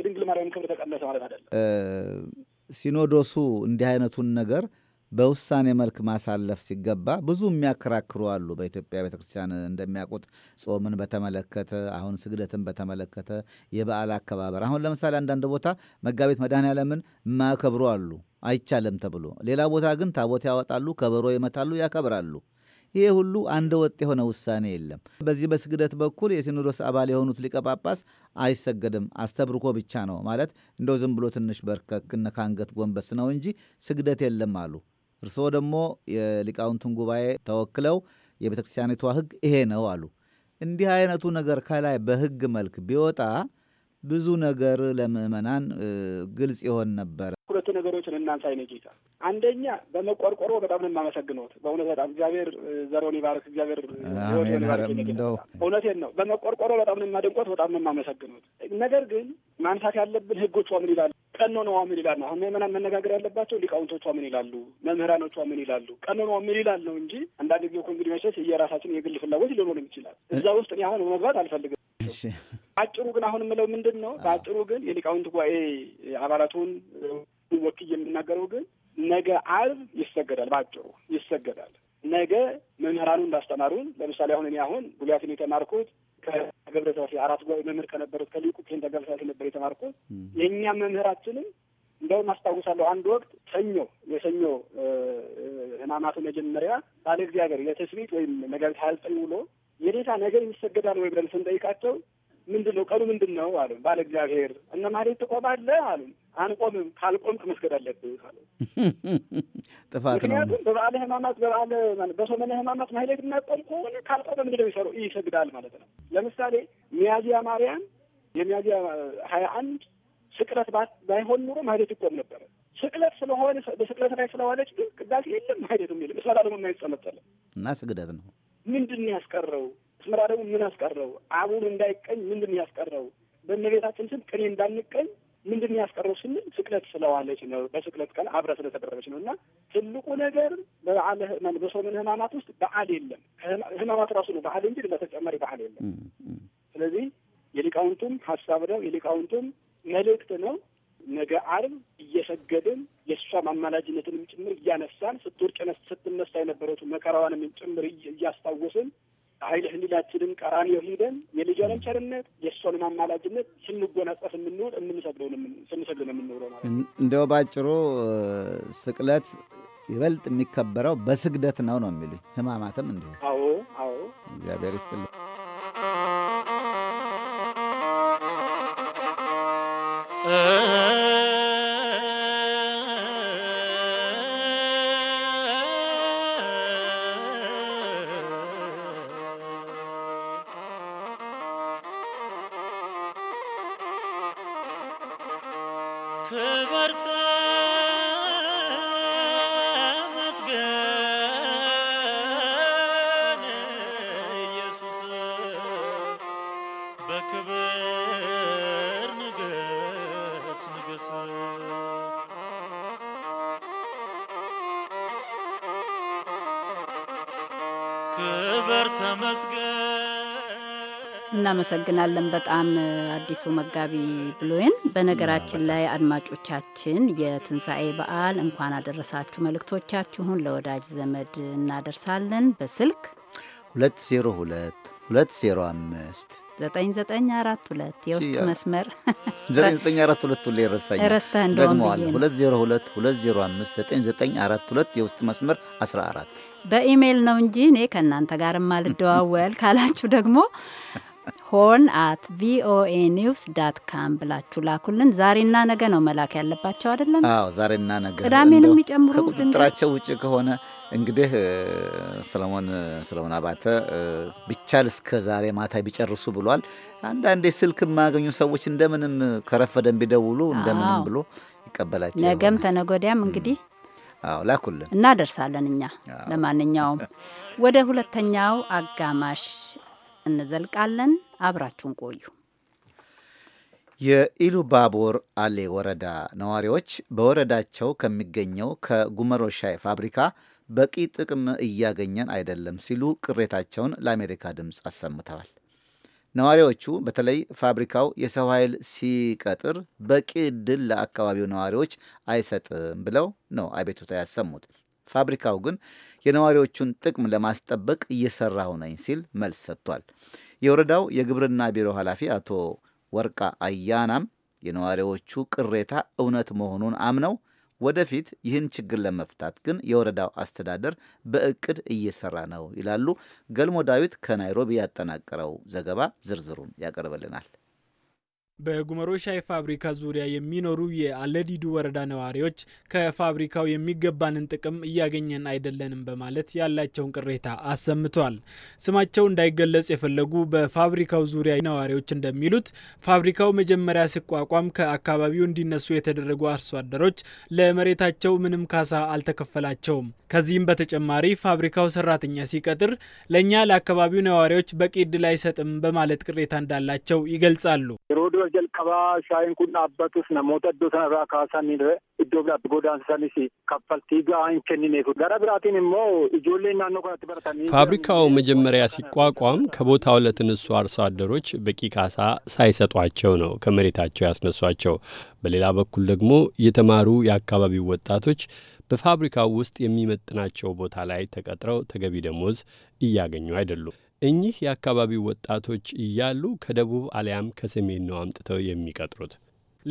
የድንግል ማርያም ክብር ተቀነሰ ማለት አይደለም። ሲኖዶሱ እንዲህ አይነቱን ነገር በውሳኔ መልክ ማሳለፍ ሲገባ ብዙ የሚያከራክሩ አሉ። በኢትዮጵያ ቤተክርስቲያን እንደሚያውቁት ጾምን በተመለከተ አሁን ስግደትን በተመለከተ የበዓል አከባበር አሁን ለምሳሌ አንዳንድ ቦታ መጋቢት መድኃኔዓለምን የማያከብሩ አሉ። አይቻልም ተብሎ ሌላ ቦታ ግን ታቦት ያወጣሉ፣ ከበሮ ይመታሉ፣ ያከብራሉ። ይሄ ሁሉ አንድ ወጥ የሆነ ውሳኔ የለም። በዚህ በስግደት በኩል የሲኖዶስ አባል የሆኑት ሊቀ ጳጳስ አይሰገድም አስተብርኮ ብቻ ነው ማለት እንደው ዝም ብሎ ትንሽ በርከክነ ከአንገት ጎንበስ ነው እንጂ ስግደት የለም አሉ። እርስዎ ደግሞ የሊቃውንቱን ጉባኤ ተወክለው የቤተ ክርስቲያኒቷ ሕግ ይሄ ነው አሉ። እንዲህ አይነቱ ነገር ከላይ በሕግ መልክ ቢወጣ ብዙ ነገር ለምእመናን ግልጽ ይሆን ነበር ሁለቱ ነገሮችን እናንሳ። አይነ ጌታ አንደኛ በመቆርቆሮ በጣም ነው የማመሰግነው። በእውነት በጣም እግዚአብሔር ዘሮን ይባርክ፣ እግዚአብሔር እውነቴን ነው። በመቆርቆሮ በጣም ነው የማደንቆት፣ በጣም ነው የማመሰግነው። ነገር ግን ማንሳት ያለብን ህጎቿ ምን ይላሉ? ቀኖናዋ ምን ይላል ነው። አሁን ምዕመናን መነጋገር ያለባቸው ሊቃውንቶቿ ምን ይላሉ፣ መምህራኖቿ ምን ይላሉ፣ ቀኖናዋ ምን ይላል ነው እንጂ አንዳንድ ጊዜ እኮ እንግዲህ መቼስ የራሳችን የግል ፍላጎት ሊኖረን ይችላል። እዛ ውስጥ እኔ አሁን መግባት አልፈልግም። አጭሩ ግን አሁን የምለው ምንድን ነው? በአጭሩ ግን የሊቃውንት ጉባኤ አባላቱን ወክዬ የምናገረው ግን ነገ አርብ ይሰገዳል፣ በአጭሩ ይሰገዳል። ነገ መምህራኑ እንዳስተማሩን ለምሳሌ አሁን እኔ አሁን ጉልያትን የተማርኩት ከገብረሰፊ አራት ጉባኤ መምህር ከነበሩት ከሊቁ ኬን ተገብረሰፊ ነበር የተማርኩት። የእኛ መምህራችንም እንደውም አስታውሳለሁ አንድ ወቅት ሰኞ የሰኞ ህማማቱ መጀመሪያ ባለ እግዚአብሔር የትስብእት ወይም መጋቢት ሀያ ዘጠኝ ውሎ የዴታ ነገር ይሰገዳል ወይ ብለን ስንጠይቃቸው ምንድን ነው ቀኑ ምንድን ነው አሉ። ባለ እግዚአብሔር እነ ማህሌት ትቆማለህ አሉን። አንቆምም፣ ካልቆምክ መስገድ አለብህ አለ። *laughs* ጥፋት ነው። ምክንያቱም በበዓለ ሕማማት በበዓለ በሰሙነ ሕማማት ማህሌት የማይቆም ከሆነ ካልቆመ ምንድን ነው የሚሰሩ? ይሰግዳል ማለት ነው። ለምሳሌ ሚያዚያ ማርያም የሚያዚያ ሀያ አንድ ስቅለት ባይሆን ኑሮ ማህሌት ይቆም ነበረ። ስቅለት ስለሆነ በስቅለት ላይ ስለዋለች ግን ቅዳሴ የለም ማህሌትም የሚል እስመራ ደግሞ የማይጸመጠለ እና ስግደት ነው። ምንድን ያስቀረው? እስመራ ደግሞ ምን ያስቀረው? አቡን እንዳይቀኝ ምንድን ያስቀረው? በእመቤታችን ስም ቅኔ እንዳንቀኝ ምንድን ያስቀረው ስንል ስቅለት ስለዋለች ነው። በስቅለት ቀን አብረ ስለተደረበች ነው እና ትልቁ ነገር በዓለ ህማም ህማማት ውስጥ በዓል የለም። ህማማት ራሱ ነው በዓል እንጂ ተጨማሪ በዓል የለም። ስለዚህ የሊቃውንቱም ሀሳብ ነው፣ የሊቃውንቱም መልእክት ነው። ነገ አርብ እየሰገድን የእሷ አማላጅነትንም ጭምር እያነሳን ስትወድቅ ስትነሳ የነበረቱ መከራዋንም ጭምር እያስታወስን ኃይለ ሕሊላችንን ቀራንዮ ሄደን የልጇንም ቸርነት የእሷንም አማላጅነት ስንጎናጸፍ የምንውል የምንሰግደው ስንሰግደው የምንውለው ማለት እንደው ባጭሩ ስቅለት ይበልጥ የሚከበረው በስግደት ነው ነው የሚሉኝ ሕማማትም እንዲሁ። አዎ አዎ፣ እግዚአብሔር ይስጥልኝ። Uh ክብር ተመስገን። እናመሰግናለን በጣም አዲሱ መጋቢ ብሎይን። በነገራችን ላይ አድማጮቻችን የትንሣኤ በዓል እንኳን አደረሳችሁ መልእክቶቻችሁን ለወዳጅ ዘመድ እናደርሳለን በስልክ 202 205 9942 የውስጥ መስመር 9942 ሁሌ ይረሳኛል። ረስታ እንደውም ደግመዋል 202 205 9942 የውስጥ መስመር 14 በኢሜይል ነው እንጂ እኔ ከእናንተ ጋር ማልደዋወል ካላችሁ ደግሞ ሆርን አት ቪኦኤ ኒውስ ዳት ካም ብላችሁ ላኩልን። ዛሬና ነገ ነው መላክ ያለባቸው አይደለም? አዎ ዛሬና ነገ። ቅዳሜን የሚጨምሩ ከቁጥጥራቸው ውጭ ከሆነ እንግዲህ ሰለሞን ሰለሞን አባተ ቢቻል እስከ ዛሬ ማታ ቢጨርሱ ብሏል። አንዳንዴ ስልክ የማያገኙ ሰዎች እንደምንም ከረፈደን ቢደውሉ እንደምንም ብሎ ይቀበላቸው። ነገም ተነገ ወዲያም እንግዲህ ላኩልን፣ እናደርሳለን እኛ። ለማንኛውም *laughs* ወደ ሁለተኛው አጋማሽ እንዘልቃለን። አብራችሁን ቆዩ። የኢሉባቦር አሌ ወረዳ ነዋሪዎች በወረዳቸው ከሚገኘው ከጉመሮ ሻይ ፋብሪካ በቂ ጥቅም እያገኘን አይደለም ሲሉ ቅሬታቸውን ለአሜሪካ ድምፅ አሰምተዋል። ነዋሪዎቹ በተለይ ፋብሪካው የሰው ኃይል ሲቀጥር በቂ እድል ለአካባቢው ነዋሪዎች አይሰጥም ብለው ነው አቤቱታ ያሰሙት። ፋብሪካው ግን የነዋሪዎቹን ጥቅም ለማስጠበቅ እየሰራሁ ነኝ ሲል መልስ ሰጥቷል። የወረዳው የግብርና ቢሮ ኃላፊ አቶ ወርቃ አያናም የነዋሪዎቹ ቅሬታ እውነት መሆኑን አምነው ወደፊት ይህን ችግር ለመፍታት ግን የወረዳው አስተዳደር በእቅድ እየሰራ ነው ይላሉ። ገልሞ ዳዊት ከናይሮቢ ያጠናቀረው ዘገባ ዝርዝሩን ያቀርብልናል። በጉመሮ ሻይ ፋብሪካ ዙሪያ የሚኖሩ የአለዲዱ ወረዳ ነዋሪዎች ከፋብሪካው የሚገባንን ጥቅም እያገኘን አይደለንም በማለት ያላቸውን ቅሬታ አሰምተዋል። ስማቸው እንዳይገለጽ የፈለጉ በፋብሪካው ዙሪያ ነዋሪዎች እንደሚሉት ፋብሪካው መጀመሪያ ሲቋቋም ከአካባቢው እንዲነሱ የተደረጉ አርሶ አደሮች ለመሬታቸው ምንም ካሳ አልተከፈላቸውም። ከዚህም በተጨማሪ ፋብሪካው ሰራተኛ ሲቀጥር ለእኛ ለአካባቢው ነዋሪዎች በቂ ዕድል አይሰጥም በማለት ቅሬታ እንዳላቸው ይገልጻሉ። yeroo jalqabaa shaayiin kun dhaabbatus namoota iddoo sanarraa kaasan iddoo biraatti godaansanis kaffaltii gahaa hin kennineef gara biraatiin immoo ijoolleen naannoo kanatti baratanii. ፋብሪካው መጀመሪያ ሲቋቋም ከቦታው ለተነሱ አርሶ አደሮች በቂ ካሳ ሳይሰጧቸው ነው ከመሬታቸው ያስነሷቸው። በሌላ በኩል ደግሞ የተማሩ የአካባቢው ወጣቶች በፋብሪካው ውስጥ የሚመጥናቸው ቦታ ላይ ተቀጥረው ተገቢ ደሞዝ እያገኙ አይደሉም። እኚህ የአካባቢው ወጣቶች እያሉ ከደቡብ አሊያም ከሰሜን ነው አምጥተው የሚቀጥሩት።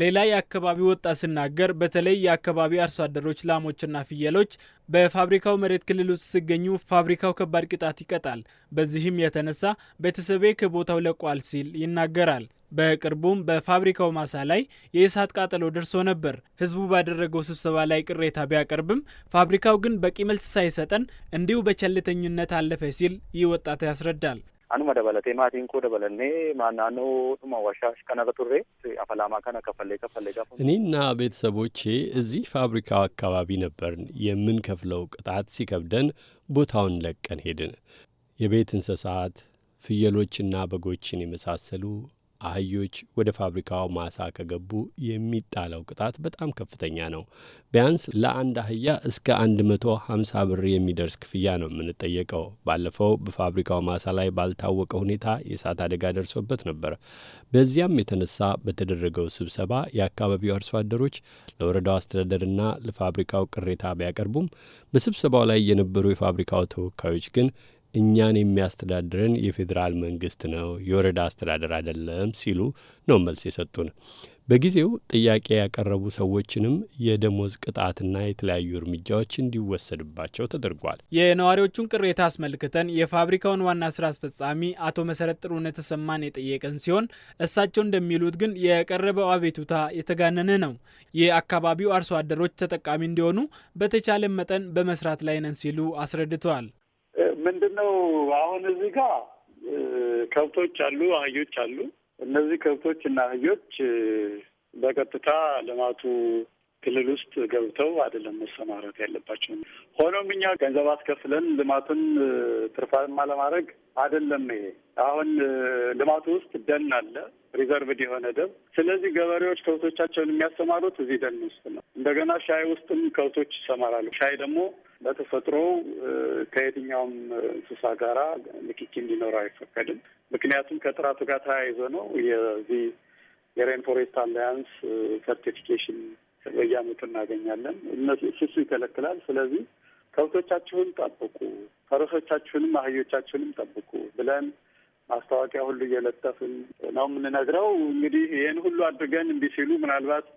ሌላ የአካባቢ ወጣት ስናገር በተለይ የአካባቢ አርሶ አደሮች ላሞችና ፍየሎች በፋብሪካው መሬት ክልል ውስጥ ሲገኙ ፋብሪካው ከባድ ቅጣት ይቀጣል። በዚህም የተነሳ ቤተሰቤ ከቦታው ለቋል ሲል ይናገራል። በቅርቡም በፋብሪካው ማሳ ላይ የእሳት ቃጠሎ ደርሶ ነበር። ህዝቡ ባደረገው ስብሰባ ላይ ቅሬታ ቢያቀርብም ፋብሪካው ግን በቂ መልስ ሳይሰጠን እንዲሁ በቸልተኝነት አለፈ ሲል ይህ ወጣት ያስረዳል። anuma dabalatee maatiin koo dabalannee naannoodhuma warshaa kana turre afalamaa kana ከፈለ ከፈለ እኔና ቤተሰቦቼ እዚህ ፋብሪካው አካባቢ ነበርን። የምንከፍለው ቅጣት ሲከብደን ቦታውን ለቀን ሄድን። የቤት እንስሳት ፍየሎችና በጎችን የመሳሰሉ አህዮች ወደ ፋብሪካው ማሳ ከገቡ የሚጣለው ቅጣት በጣም ከፍተኛ ነው። ቢያንስ ለአንድ አህያ እስከ 150 ብር የሚደርስ ክፍያ ነው የምንጠየቀው። ባለፈው በፋብሪካው ማሳ ላይ ባልታወቀ ሁኔታ የእሳት አደጋ ደርሶበት ነበር። በዚያም የተነሳ በተደረገው ስብሰባ የአካባቢው አርሶ አደሮች ለወረዳው አስተዳደርና ለፋብሪካው ቅሬታ ቢያቀርቡም በስብሰባው ላይ የነበሩ የፋብሪካው ተወካዮች ግን እኛን የሚያስተዳድረን የፌዴራል መንግስት ነው፣ የወረዳ አስተዳደር አይደለም ሲሉ ነው መልስ የሰጡን። በጊዜው ጥያቄ ያቀረቡ ሰዎችንም የደሞዝ ቅጣትና የተለያዩ እርምጃዎች እንዲወሰድባቸው ተደርጓል። የነዋሪዎቹን ቅሬታ አስመልክተን የፋብሪካውን ዋና ስራ አስፈጻሚ አቶ መሰረት ጥሩነህ ተሰማን የጠየቀን ሲሆን እሳቸው እንደሚሉት ግን የቀረበው አቤቱታ የተጋነነ ነው። የአካባቢው አርሶ አደሮች ተጠቃሚ እንዲሆኑ በተቻለ መጠን በመስራት ላይ ነን ሲሉ አስረድተዋል። ምንድን ነው አሁን እዚህ ጋር ከብቶች አሉ፣ አህዮች አሉ። እነዚህ ከብቶች እና አህዮች በቀጥታ ልማቱ ክልል ውስጥ ገብተው አይደለም መሰማራት ያለባቸው። ሆኖም እኛ ገንዘብ አስከፍለን ልማቱን ትርፋማ ለማድረግ አይደለም። ይሄ አሁን ልማቱ ውስጥ ደን አለ፣ ሪዘርቭድ የሆነ ደን። ስለዚህ ገበሬዎች ከብቶቻቸውን የሚያሰማሩት እዚህ ደን ውስጥ ነው። እንደገና ሻይ ውስጥም ከብቶች ይሰማራሉ። ሻይ ደግሞ በተፈጥሮ ከየትኛውም እንስሳ ጋራ ንክኪ እንዲኖረው አይፈቀድም። ምክንያቱም ከጥራቱ ጋር ተያይዞ ነው። የዚህ የሬንፎሬስት አላያንስ ሰርቲፊኬሽን በየዓመቱ እናገኛለን። እሱ ይከለክላል። ስለዚህ ከብቶቻችሁን ጠብቁ፣ ፈረሶቻችሁንም አህዮቻችሁንም ጠብቁ ብለን ማስታወቂያ ሁሉ እየለጠፍን ነው የምንነግረው። እንግዲህ ይህን ሁሉ አድርገን እምቢ ሲሉ ምናልባት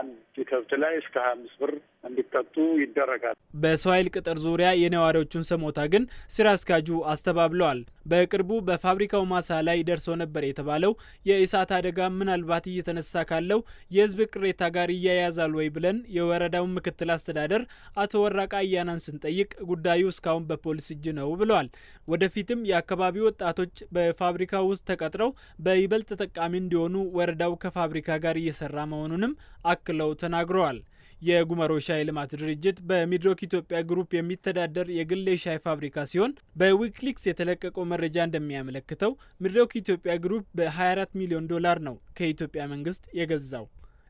አንድ ከብት ላይ እስከ ሀያ አምስት ብር እንዲጠጡ ይደረጋል። በሰው ኃይል ቅጥር ዙሪያ የነዋሪዎቹን ሰሞታ ግን ስራ አስኪያጁ አስተባብለዋል። በቅርቡ በፋብሪካው ማሳ ላይ ደርሶ ነበር የተባለው የእሳት አደጋ ምናልባት እየተነሳ ካለው የህዝብ ቅሬታ ጋር ይያያዛል ወይ ብለን የወረዳውን ምክትል አስተዳደር አቶ ወራቃ አያናን ስንጠይቅ ጉዳዩ እስካሁን በፖሊስ እጅ ነው ብለዋል። ወደፊትም የአካባቢው ወጣቶች በፋብሪካው ውስጥ ተቀጥረው በይበልጥ ተጠቃሚ እንዲሆኑ ወረዳው ከፋብሪካ ጋር እየሰራ መሆኑንም አክለው ተናግረዋል። የጉመሮ ሻይ ልማት ድርጅት በሚድሮክ ኢትዮጵያ ግሩፕ የሚተዳደር የግል የሻይ ፋብሪካ ሲሆን በዊኪሊክስ የተለቀቀው መረጃ እንደሚያመለክተው ሚድሮክ ኢትዮጵያ ግሩፕ በ24 ሚሊዮን ዶላር ነው ከኢትዮጵያ መንግስት የገዛው።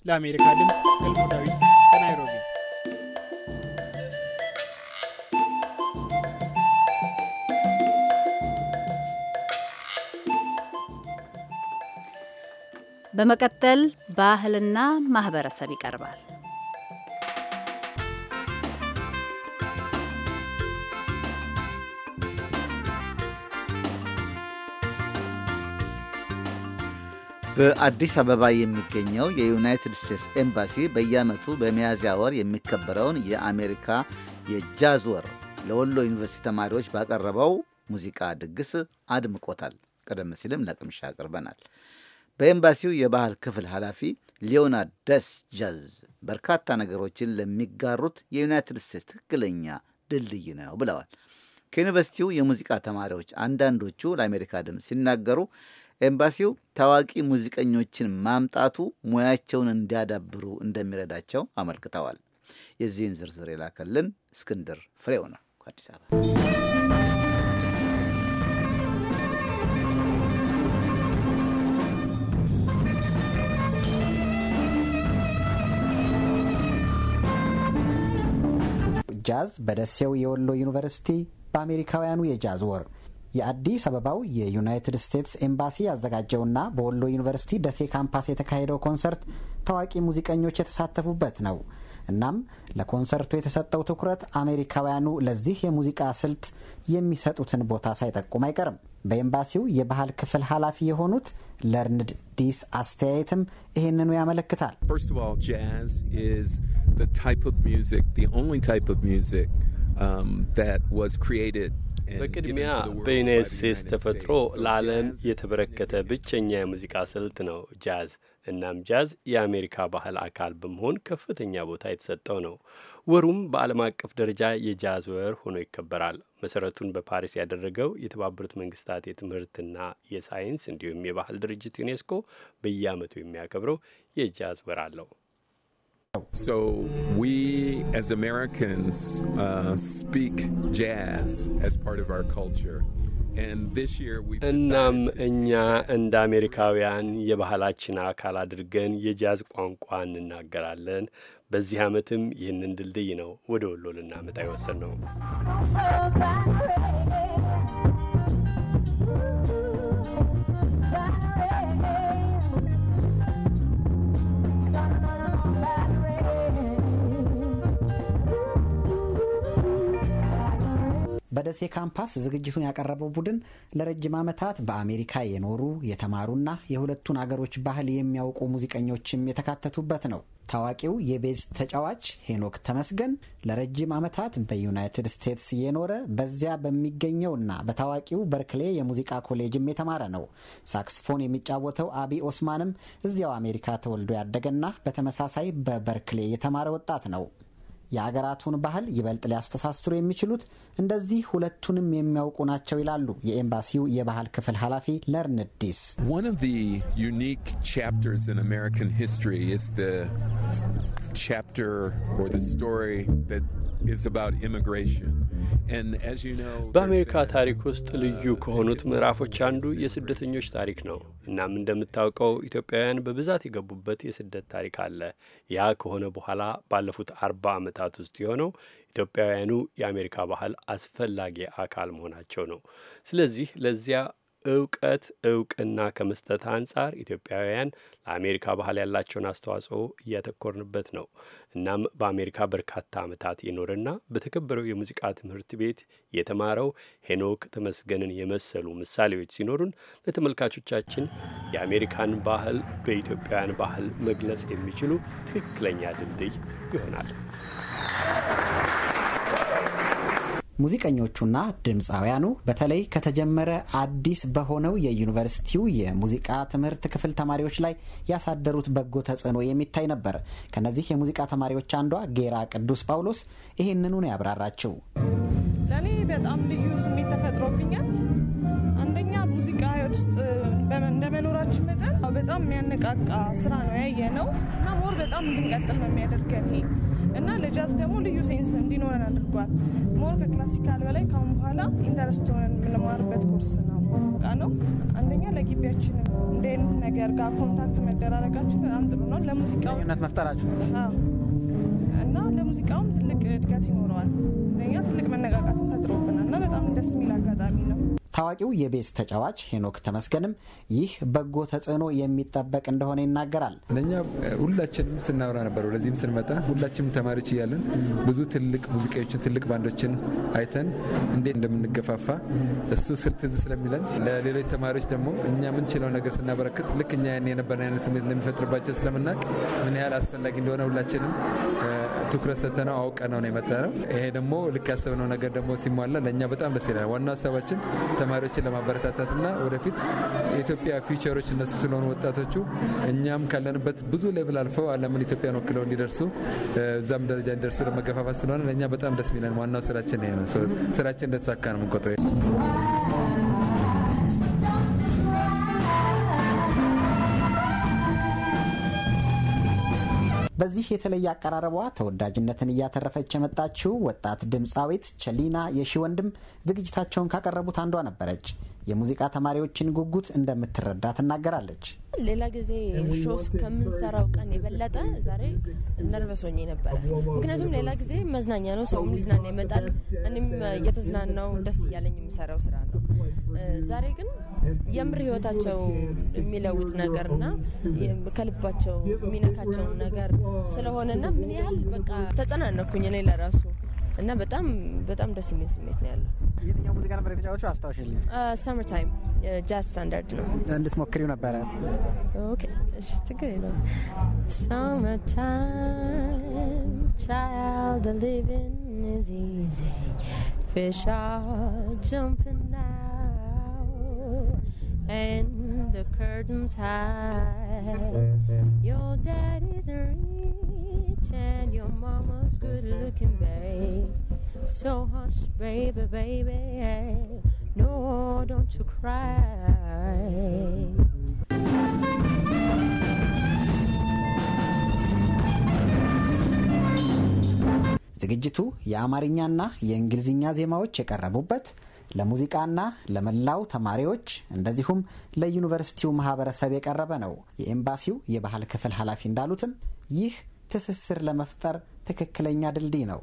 ለአሜሪካ ድምጽ ገልሞ ዳዊት ከናይሮቢ። በመቀጠል ባህልና ማህበረሰብ ይቀርባል። በአዲስ አበባ የሚገኘው የዩናይትድ ስቴትስ ኤምባሲ በየዓመቱ በሚያዝያ ወር የሚከበረውን የአሜሪካ የጃዝ ወር ለወሎ ዩኒቨርሲቲ ተማሪዎች ባቀረበው ሙዚቃ ድግስ አድምቆታል። ቀደም ሲልም ለቅምሻ አቅርበናል። በኤምባሲው የባህል ክፍል ኃላፊ ሊዮናርድ ደስ ጃዝ በርካታ ነገሮችን ለሚጋሩት የዩናይትድ ስቴትስ ትክክለኛ ድልድይ ነው ብለዋል። ከዩኒቨርሲቲው የሙዚቃ ተማሪዎች አንዳንዶቹ ለአሜሪካ ድምፅ ሲናገሩ ኤምባሲው ታዋቂ ሙዚቀኞችን ማምጣቱ ሙያቸውን እንዲያዳብሩ እንደሚረዳቸው አመልክተዋል። የዚህን ዝርዝር የላከልን እስክንድር ፍሬው ነው ከአዲስ አበባ። ጃዝ በደሴው የወሎ ዩኒቨርሲቲ በአሜሪካውያኑ የጃዝ ወር የአዲስ አበባው የዩናይትድ ስቴትስ ኤምባሲ ያዘጋጀውና በወሎ ዩኒቨርሲቲ ደሴ ካምፓስ የተካሄደው ኮንሰርት ታዋቂ ሙዚቀኞች የተሳተፉበት ነው። እናም ለኮንሰርቱ የተሰጠው ትኩረት አሜሪካውያኑ ለዚህ የሙዚቃ ስልት የሚሰጡትን ቦታ ሳይጠቁም አይቀርም። በኤምባሲው የባህል ክፍል ኃላፊ የሆኑት ለርንድ ዲስ አስተያየትም ይህንኑ ያመለክታል። ጃዝ በቅድሚያ በዩናይት ስቴትስ ተፈጥሮ ለዓለም የተበረከተ ብቸኛ የሙዚቃ ስልት ነው ጃዝ። እናም ጃዝ የአሜሪካ ባህል አካል በመሆን ከፍተኛ ቦታ የተሰጠው ነው። ወሩም በዓለም አቀፍ ደረጃ የጃዝ ወር ሆኖ ይከበራል። መሰረቱን በፓሪስ ያደረገው የተባበሩት መንግስታት የትምህርትና የሳይንስ እንዲሁም የባህል ድርጅት ዩኔስኮ በየዓመቱ የሚያከብረው የጃዝ ወር አለው። So, we as Americans uh, speak jazz as part of our culture. እናም እኛ እንደ አሜሪካውያን የባህላችን አካል አድርገን የጃዝ ቋንቋ እንናገራለን። በዚህ ዓመትም ይህንን ድልድይ ነው ወደ ወሎ ልናመጣ የወሰን ነው። በደሴ ካምፓስ ዝግጅቱን ያቀረበው ቡድን ለረጅም ዓመታት በአሜሪካ የኖሩ የተማሩና የሁለቱን አገሮች ባህል የሚያውቁ ሙዚቀኞችም የተካተቱበት ነው። ታዋቂው የቤዝ ተጫዋች ሄኖክ ተመስገን ለረጅም ዓመታት በዩናይትድ ስቴትስ የኖረ በዚያ በሚገኘውና በታዋቂው በርክሌ የሙዚቃ ኮሌጅም የተማረ ነው። ሳክስፎን የሚጫወተው አቢ ኦስማንም እዚያው አሜሪካ ተወልዶ ያደገና በተመሳሳይ በበርክሌ የተማረ ወጣት ነው። የአገራቱን ባህል ይበልጥ ሊያስተሳስሩ የሚችሉት እንደዚህ ሁለቱንም የሚያውቁ ናቸው ይላሉ የኤምባሲው የባህል ክፍል ኃላፊ ለርንድ ዲስ። በአሜሪካ ታሪክ ውስጥ uh, ልዩ ከሆኑት ምዕራፎች አንዱ የስደተኞች ታሪክ ነው። እናም እንደምታውቀው ኢትዮጵያውያን በብዛት የገቡበት የስደት ታሪክ አለ። ያ ከሆነ በኋላ ባለፉት አርባ ዓመታት ውስጥ የሆነው ኢትዮጵያውያኑ የአሜሪካ ባህል አስፈላጊ አካል መሆናቸው ነው። ስለዚህ ለዚያ እውቀት እውቅና ከመስጠት አንጻር ኢትዮጵያውያን ለአሜሪካ ባህል ያላቸውን አስተዋጽኦ እያተኮርንበት ነው። እናም በአሜሪካ በርካታ ዓመታት የኖረና በተከበረው የሙዚቃ ትምህርት ቤት የተማረው ሄኖክ ተመስገንን የመሰሉ ምሳሌዎች ሲኖሩን ለተመልካቾቻችን የአሜሪካን ባህል በኢትዮጵያውያን ባህል መግለጽ የሚችሉ ትክክለኛ ድልድይ ይሆናል። ሙዚቀኞቹና ድምፃውያኑ በተለይ ከተጀመረ አዲስ በሆነው የዩኒቨርሲቲው የሙዚቃ ትምህርት ክፍል ተማሪዎች ላይ ያሳደሩት በጎ ተጽዕኖ የሚታይ ነበር። ከነዚህ የሙዚቃ ተማሪዎች አንዷ ጌራ ቅዱስ ጳውሎስ ይህንኑ ነው ያብራራችው። ለእኔ በጣም ልዩ ስሜት ተፈጥሮብኛል። አንደኛ ሙዚቃ ህይወት ውስጥ እንደመኖራችን መጠን በጣም የሚያነቃቃ ስራ ነው ያየ ነው እና ሞር በጣም እንድንቀጥል ነው የሚያደርገን እና ለጃዝ ደግሞ ልዩ ሴንስ እንዲኖረን አድርጓል። ሞር ከክላሲካል በላይ ካሁን በኋላ ኢንተረስት ሆነን የምንማርበት ኮርስ ነው ቃ ነው። አንደኛ ለግቢያችን እንደ አይነት ነገር ጋር ኮንታክት መደራረጋችን በጣም ጥሩ ነው። ለሙዚቃነት መፍጠራችሁ እና ለሙዚቃውም ትልቅ እድገት ይኖረዋል። ለእኛ ትልቅ መነቃቃትን ፈጥሮብናል እና በጣም ደስ የሚል አጋጣሚ ነው። ታዋቂው የቤዝ ተጫዋች ሄኖክ ተመስገንም ይህ በጎ ተጽዕኖ የሚጠበቅ እንደሆነ ይናገራል። ለእኛ ሁላችንም ስናወራ ነበር። ወደዚህም ስንመጣ ሁላችንም ተማሪዎች እያለን ብዙ ትልቅ ሙዚቃዎችን፣ ትልቅ ባንዶችን አይተን እንዴት እንደምንገፋፋ እሱ ስልትዝ ስለሚለን ለሌሎች ተማሪዎች ደግሞ እኛ የምንችለው ነገር ስናበረክት ልክ እኛ የነበረን አይነት ስሜት እንደሚፈጥርባቸው ስለምናውቅ ምን ያህል አስፈላጊ እንደሆነ ሁላችንም ትኩረት ሰተነው አውቀ ነው ነው የመጣ ነው። ይሄ ደግሞ ልክ ያሰብነው ነገር ደግሞ ሲሟላ ለእኛ በጣም ደስ ይላል። ዋና ሀሳባችን ተማሪዎችን ለማበረታታትና ወደፊት የኢትዮጵያ ፊውቸሮች እነሱ ስለሆኑ ወጣቶቹ እኛም ካለንበት ብዙ ሌቭል አልፈው ዓለምን ኢትዮጵያን ወክለው እንዲደርሱ እዛም ደረጃ እንዲደርሱ ለመገፋፋት ስለሆነ ለእኛ በጣም ደስ ሚለን። ዋናው ስራችን ይሄ ነው። ስራችን እንደተሳካ ነው ምንቆጥረው። በዚህ የተለየ አቀራረቧ ተወዳጅነትን እያተረፈች የመጣችው ወጣት ድምፃዊት ቸሊና የሺ ወንድም ዝግጅታቸውን ካቀረቡት አንዷ ነበረች። የሙዚቃ ተማሪዎችን ጉጉት እንደምትረዳ ትናገራለች። ሌላ ጊዜ ሾስ ከምንሰራው ቀን የበለጠ ዛሬ ነርቨስ ሆኜ ነበረ። ምክንያቱም ሌላ ጊዜ መዝናኛ ነው፣ ሰውም ሊዝናና ይመጣል። እኔም እየተዝናናው ደስ እያለኝ የምሰራው ስራ ነው። ዛሬ ግን የምር ህይወታቸው የሚለውጥ ነገርና ከልባቸው የሚነካቸው ነገር ስለሆነና ምን ያህል በቃ ተጨናነኩኝ እኔ ለራሱ እና በጣም በጣም ደስ የሚል ስሜት ነው ያለው። የትኛው ሙዚቃ ነበር የተጫወተው? አስታውሽልኝ። ሰምር ታይም ጃዝ ስታንዳርድ ነው። እንድትሞክሪው ነበረ? ኦኬ፣ እሺ፣ ችግር የለውም። ሰምር ታይም ቻይልድ ሊቪንግ is easy fish are jumping now the curtains high. Your daddy's rich and your mama's good looking, babe. So hush, baby, baby. No, don't you cry. ዝግጅቱ የአማርኛና የእንግሊዝኛ ዜማዎች የቀረቡበት ለሙዚቃና ለመላው ተማሪዎች እንደዚሁም ለዩኒቨርሲቲው ማህበረሰብ የቀረበ ነው። የኤምባሲው የባህል ክፍል ኃላፊ እንዳሉትም ይህ ትስስር ለመፍጠር ትክክለኛ ድልድይ ነው።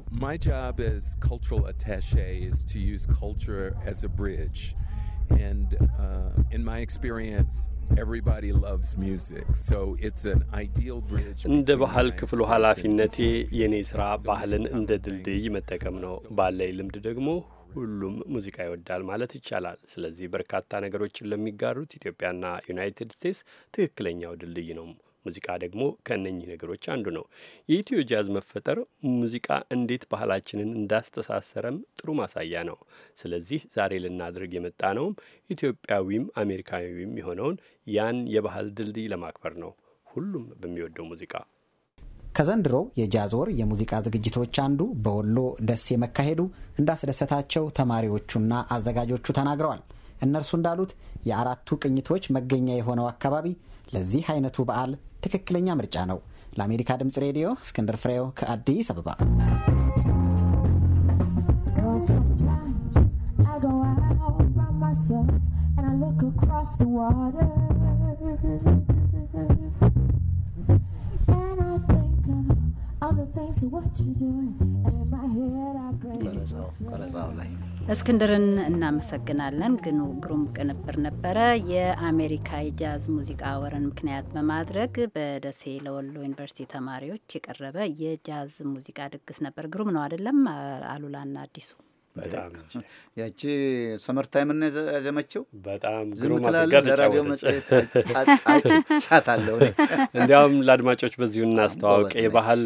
እንደ ባህል ክፍሉ ኃላፊነቴ የኔ ስራ ባህልን እንደ ድልድይ መጠቀም ነው። ባለይ ልምድ ደግሞ ሁሉም ሙዚቃ ይወዳል ማለት ይቻላል። ስለዚህ በርካታ ነገሮችን ለሚጋሩት ኢትዮጵያና ዩናይትድ ስቴትስ ትክክለኛው ድልድይ ነው። ሙዚቃ ደግሞ ከእነኚህ ነገሮች አንዱ ነው። የኢትዮ ጃዝ መፈጠር ሙዚቃ እንዴት ባህላችንን እንዳስተሳሰረም ጥሩ ማሳያ ነው። ስለዚህ ዛሬ ልናድርግ የመጣ ነውም ኢትዮጵያዊም አሜሪካዊም የሆነውን ያን የባህል ድልድይ ለማክበር ነው። ሁሉም በሚወደው ሙዚቃ ከዘንድሮው የጃዝ ወር የሙዚቃ ዝግጅቶች አንዱ በወሎ ደሴ መካሄዱ እንዳስደሰታቸው ተማሪዎቹና አዘጋጆቹ ተናግረዋል። እነርሱ እንዳሉት የአራቱ ቅኝቶች መገኛ የሆነው አካባቢ ለዚህ አይነቱ በዓል ትክክለኛ ምርጫ ነው። ለአሜሪካ ድምፅ ሬዲዮ እስክንድር ፍሬው ከአዲስ አበባ። And I look across the water. እስክንድርን እናመሰግናለን። ግን ግሩም ቅንብር ነበረ። የአሜሪካ የጃዝ ሙዚቃ ወርን ምክንያት በማድረግ በደሴ ለወሎ ዩኒቨርሲቲ ተማሪዎች የቀረበ የጃዝ ሙዚቃ ድግስ ነበር። ግሩም ነው አይደለም? አሉላና አዲሱ በጣም ያቺ ሰመር ታይም ነው ያዘመችው። በጣም ዝም ትላለህ። ለራዲዮ መጽሔት ጫት አለው። እንዲያውም ለአድማጮች በዚሁ እናስተዋውቅ። የባህል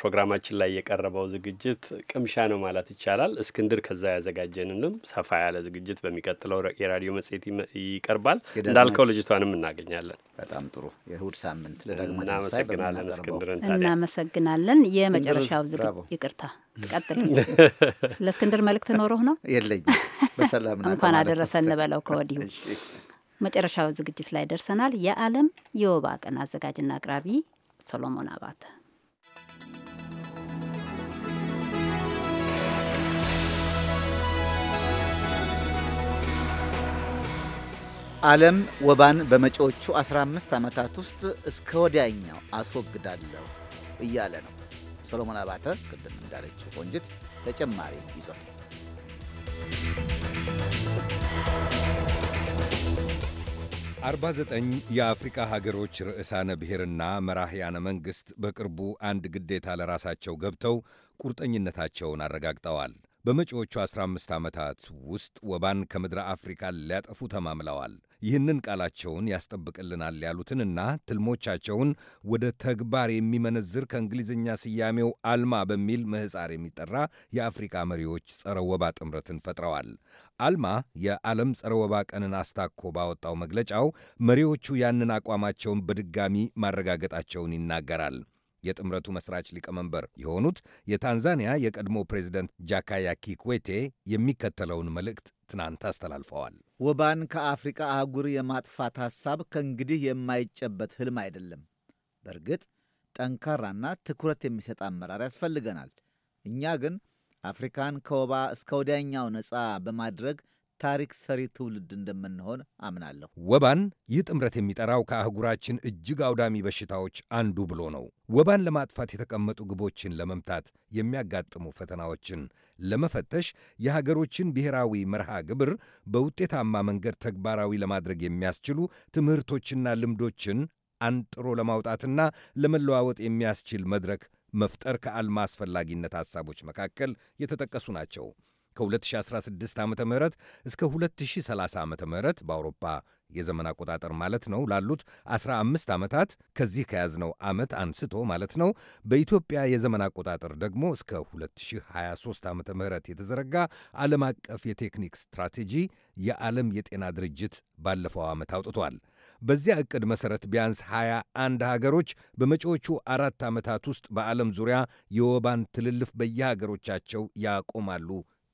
ፕሮግራማችን ላይ የቀረበው ዝግጅት ቅምሻ ነው ማለት ይቻላል። እስክንድር ከዛ ያዘጋጀንንም ሰፋ ያለ ዝግጅት በሚቀጥለው የራዲዮ መጽሔት ይቀርባል። እንዳልከው ልጅቷንም እናገኛለን። በጣም ጥሩ። የእሁድ ሳምንት ለዳግማ እናመሰግናለን። እስክንድርን እናመሰግናለን። የመጨረሻው ዝግ ይቅርታ ቀጥል። ስለ *laughs* እስክንድር መልእክት ኖሮህ ነው? የለኝ። በሰላም እንኳን አደረሰ እንበለው ከወዲሁ። መጨረሻው ዝግጅት ላይ ደርሰናል። የዓለም የወባ ቀን አዘጋጅና አቅራቢ ሰሎሞን አባተ። ዓለም ወባን በመጪዎቹ 15 ዓመታት ውስጥ እስከ ወዲያኛው አስወግዳለሁ እያለ ነው። ሰሎሞን አባተ ቅድም እንዳለችው ቆንጅት ተጨማሪ ይዟል። አርባ ዘጠኝ የአፍሪካ ሀገሮች ርዕሳነ ብሔርና መራህያነ መንግሥት በቅርቡ አንድ ግዴታ ለራሳቸው ገብተው ቁርጠኝነታቸውን አረጋግጠዋል። በመጪዎቹ 15 ዓመታት ውስጥ ወባን ከምድረ አፍሪካ ሊያጠፉ ተማምለዋል። ይህንን ቃላቸውን ያስጠብቅልናል ያሉትንና ትልሞቻቸውን ወደ ተግባር የሚመነዝር ከእንግሊዝኛ ስያሜው አልማ በሚል ምህፃር የሚጠራ የአፍሪካ መሪዎች ጸረ ወባ ጥምረትን ፈጥረዋል። አልማ የዓለም ጸረ ወባ ቀንን አስታኮ ባወጣው መግለጫው መሪዎቹ ያንን አቋማቸውን በድጋሚ ማረጋገጣቸውን ይናገራል። የጥምረቱ መስራች ሊቀመንበር የሆኑት የታንዛኒያ የቀድሞ ፕሬዚደንት ጃካያ ኪክዌቴ የሚከተለውን መልእክት ትናንት አስተላልፈዋል። ወባን ከአፍሪካ አህጉር የማጥፋት ሐሳብ ከእንግዲህ የማይጨበት ህልም አይደለም። በእርግጥ ጠንካራና ትኩረት የሚሰጥ አመራር ያስፈልገናል። እኛ ግን አፍሪካን ከወባ እስከ ወዲያኛው ነፃ በማድረግ ታሪክ ሰሪ ትውልድ እንደምንሆን አምናለሁ። ወባን ይህ ጥምረት የሚጠራው ከአህጉራችን እጅግ አውዳሚ በሽታዎች አንዱ ብሎ ነው። ወባን ለማጥፋት የተቀመጡ ግቦችን ለመምታት የሚያጋጥሙ ፈተናዎችን ለመፈተሽ የሀገሮችን ብሔራዊ መርሃ ግብር በውጤታማ መንገድ ተግባራዊ ለማድረግ የሚያስችሉ ትምህርቶችና ልምዶችን አንጥሮ ለማውጣትና ለመለዋወጥ የሚያስችል መድረክ መፍጠር ከአልማ አስፈላጊነት ሐሳቦች መካከል የተጠቀሱ ናቸው። ከ2016 ዓ ም እስከ 2030 ዓ ም በአውሮፓ የዘመን አቆጣጠር ማለት ነው ላሉት 15 ዓመታት ከዚህ ከያዝነው ዓመት አንስቶ ማለት ነው። በኢትዮጵያ የዘመን አቆጣጠር ደግሞ እስከ 2023 ዓ ም የተዘረጋ ዓለም አቀፍ የቴክኒክ ስትራቴጂ የዓለም የጤና ድርጅት ባለፈው ዓመት አውጥቷል። በዚያ ዕቅድ መሠረት ቢያንስ 21 ሀገሮች በመጪዎቹ አራት ዓመታት ውስጥ በዓለም ዙሪያ የወባን ትልልፍ በየሀገሮቻቸው ያቆማሉ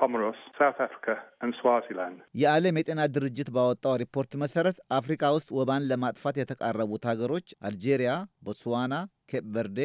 ኮሞሮስ፣ ሳውት አፍሪካ እና ስዋዚላንድ። የዓለም የጤና ድርጅት ባወጣው ሪፖርት መሰረት አፍሪካ ውስጥ ወባን ለማጥፋት የተቃረቡት ሀገሮች አልጄሪያ፣ ቦትስዋና፣ ኬፕ ቨርዴ፣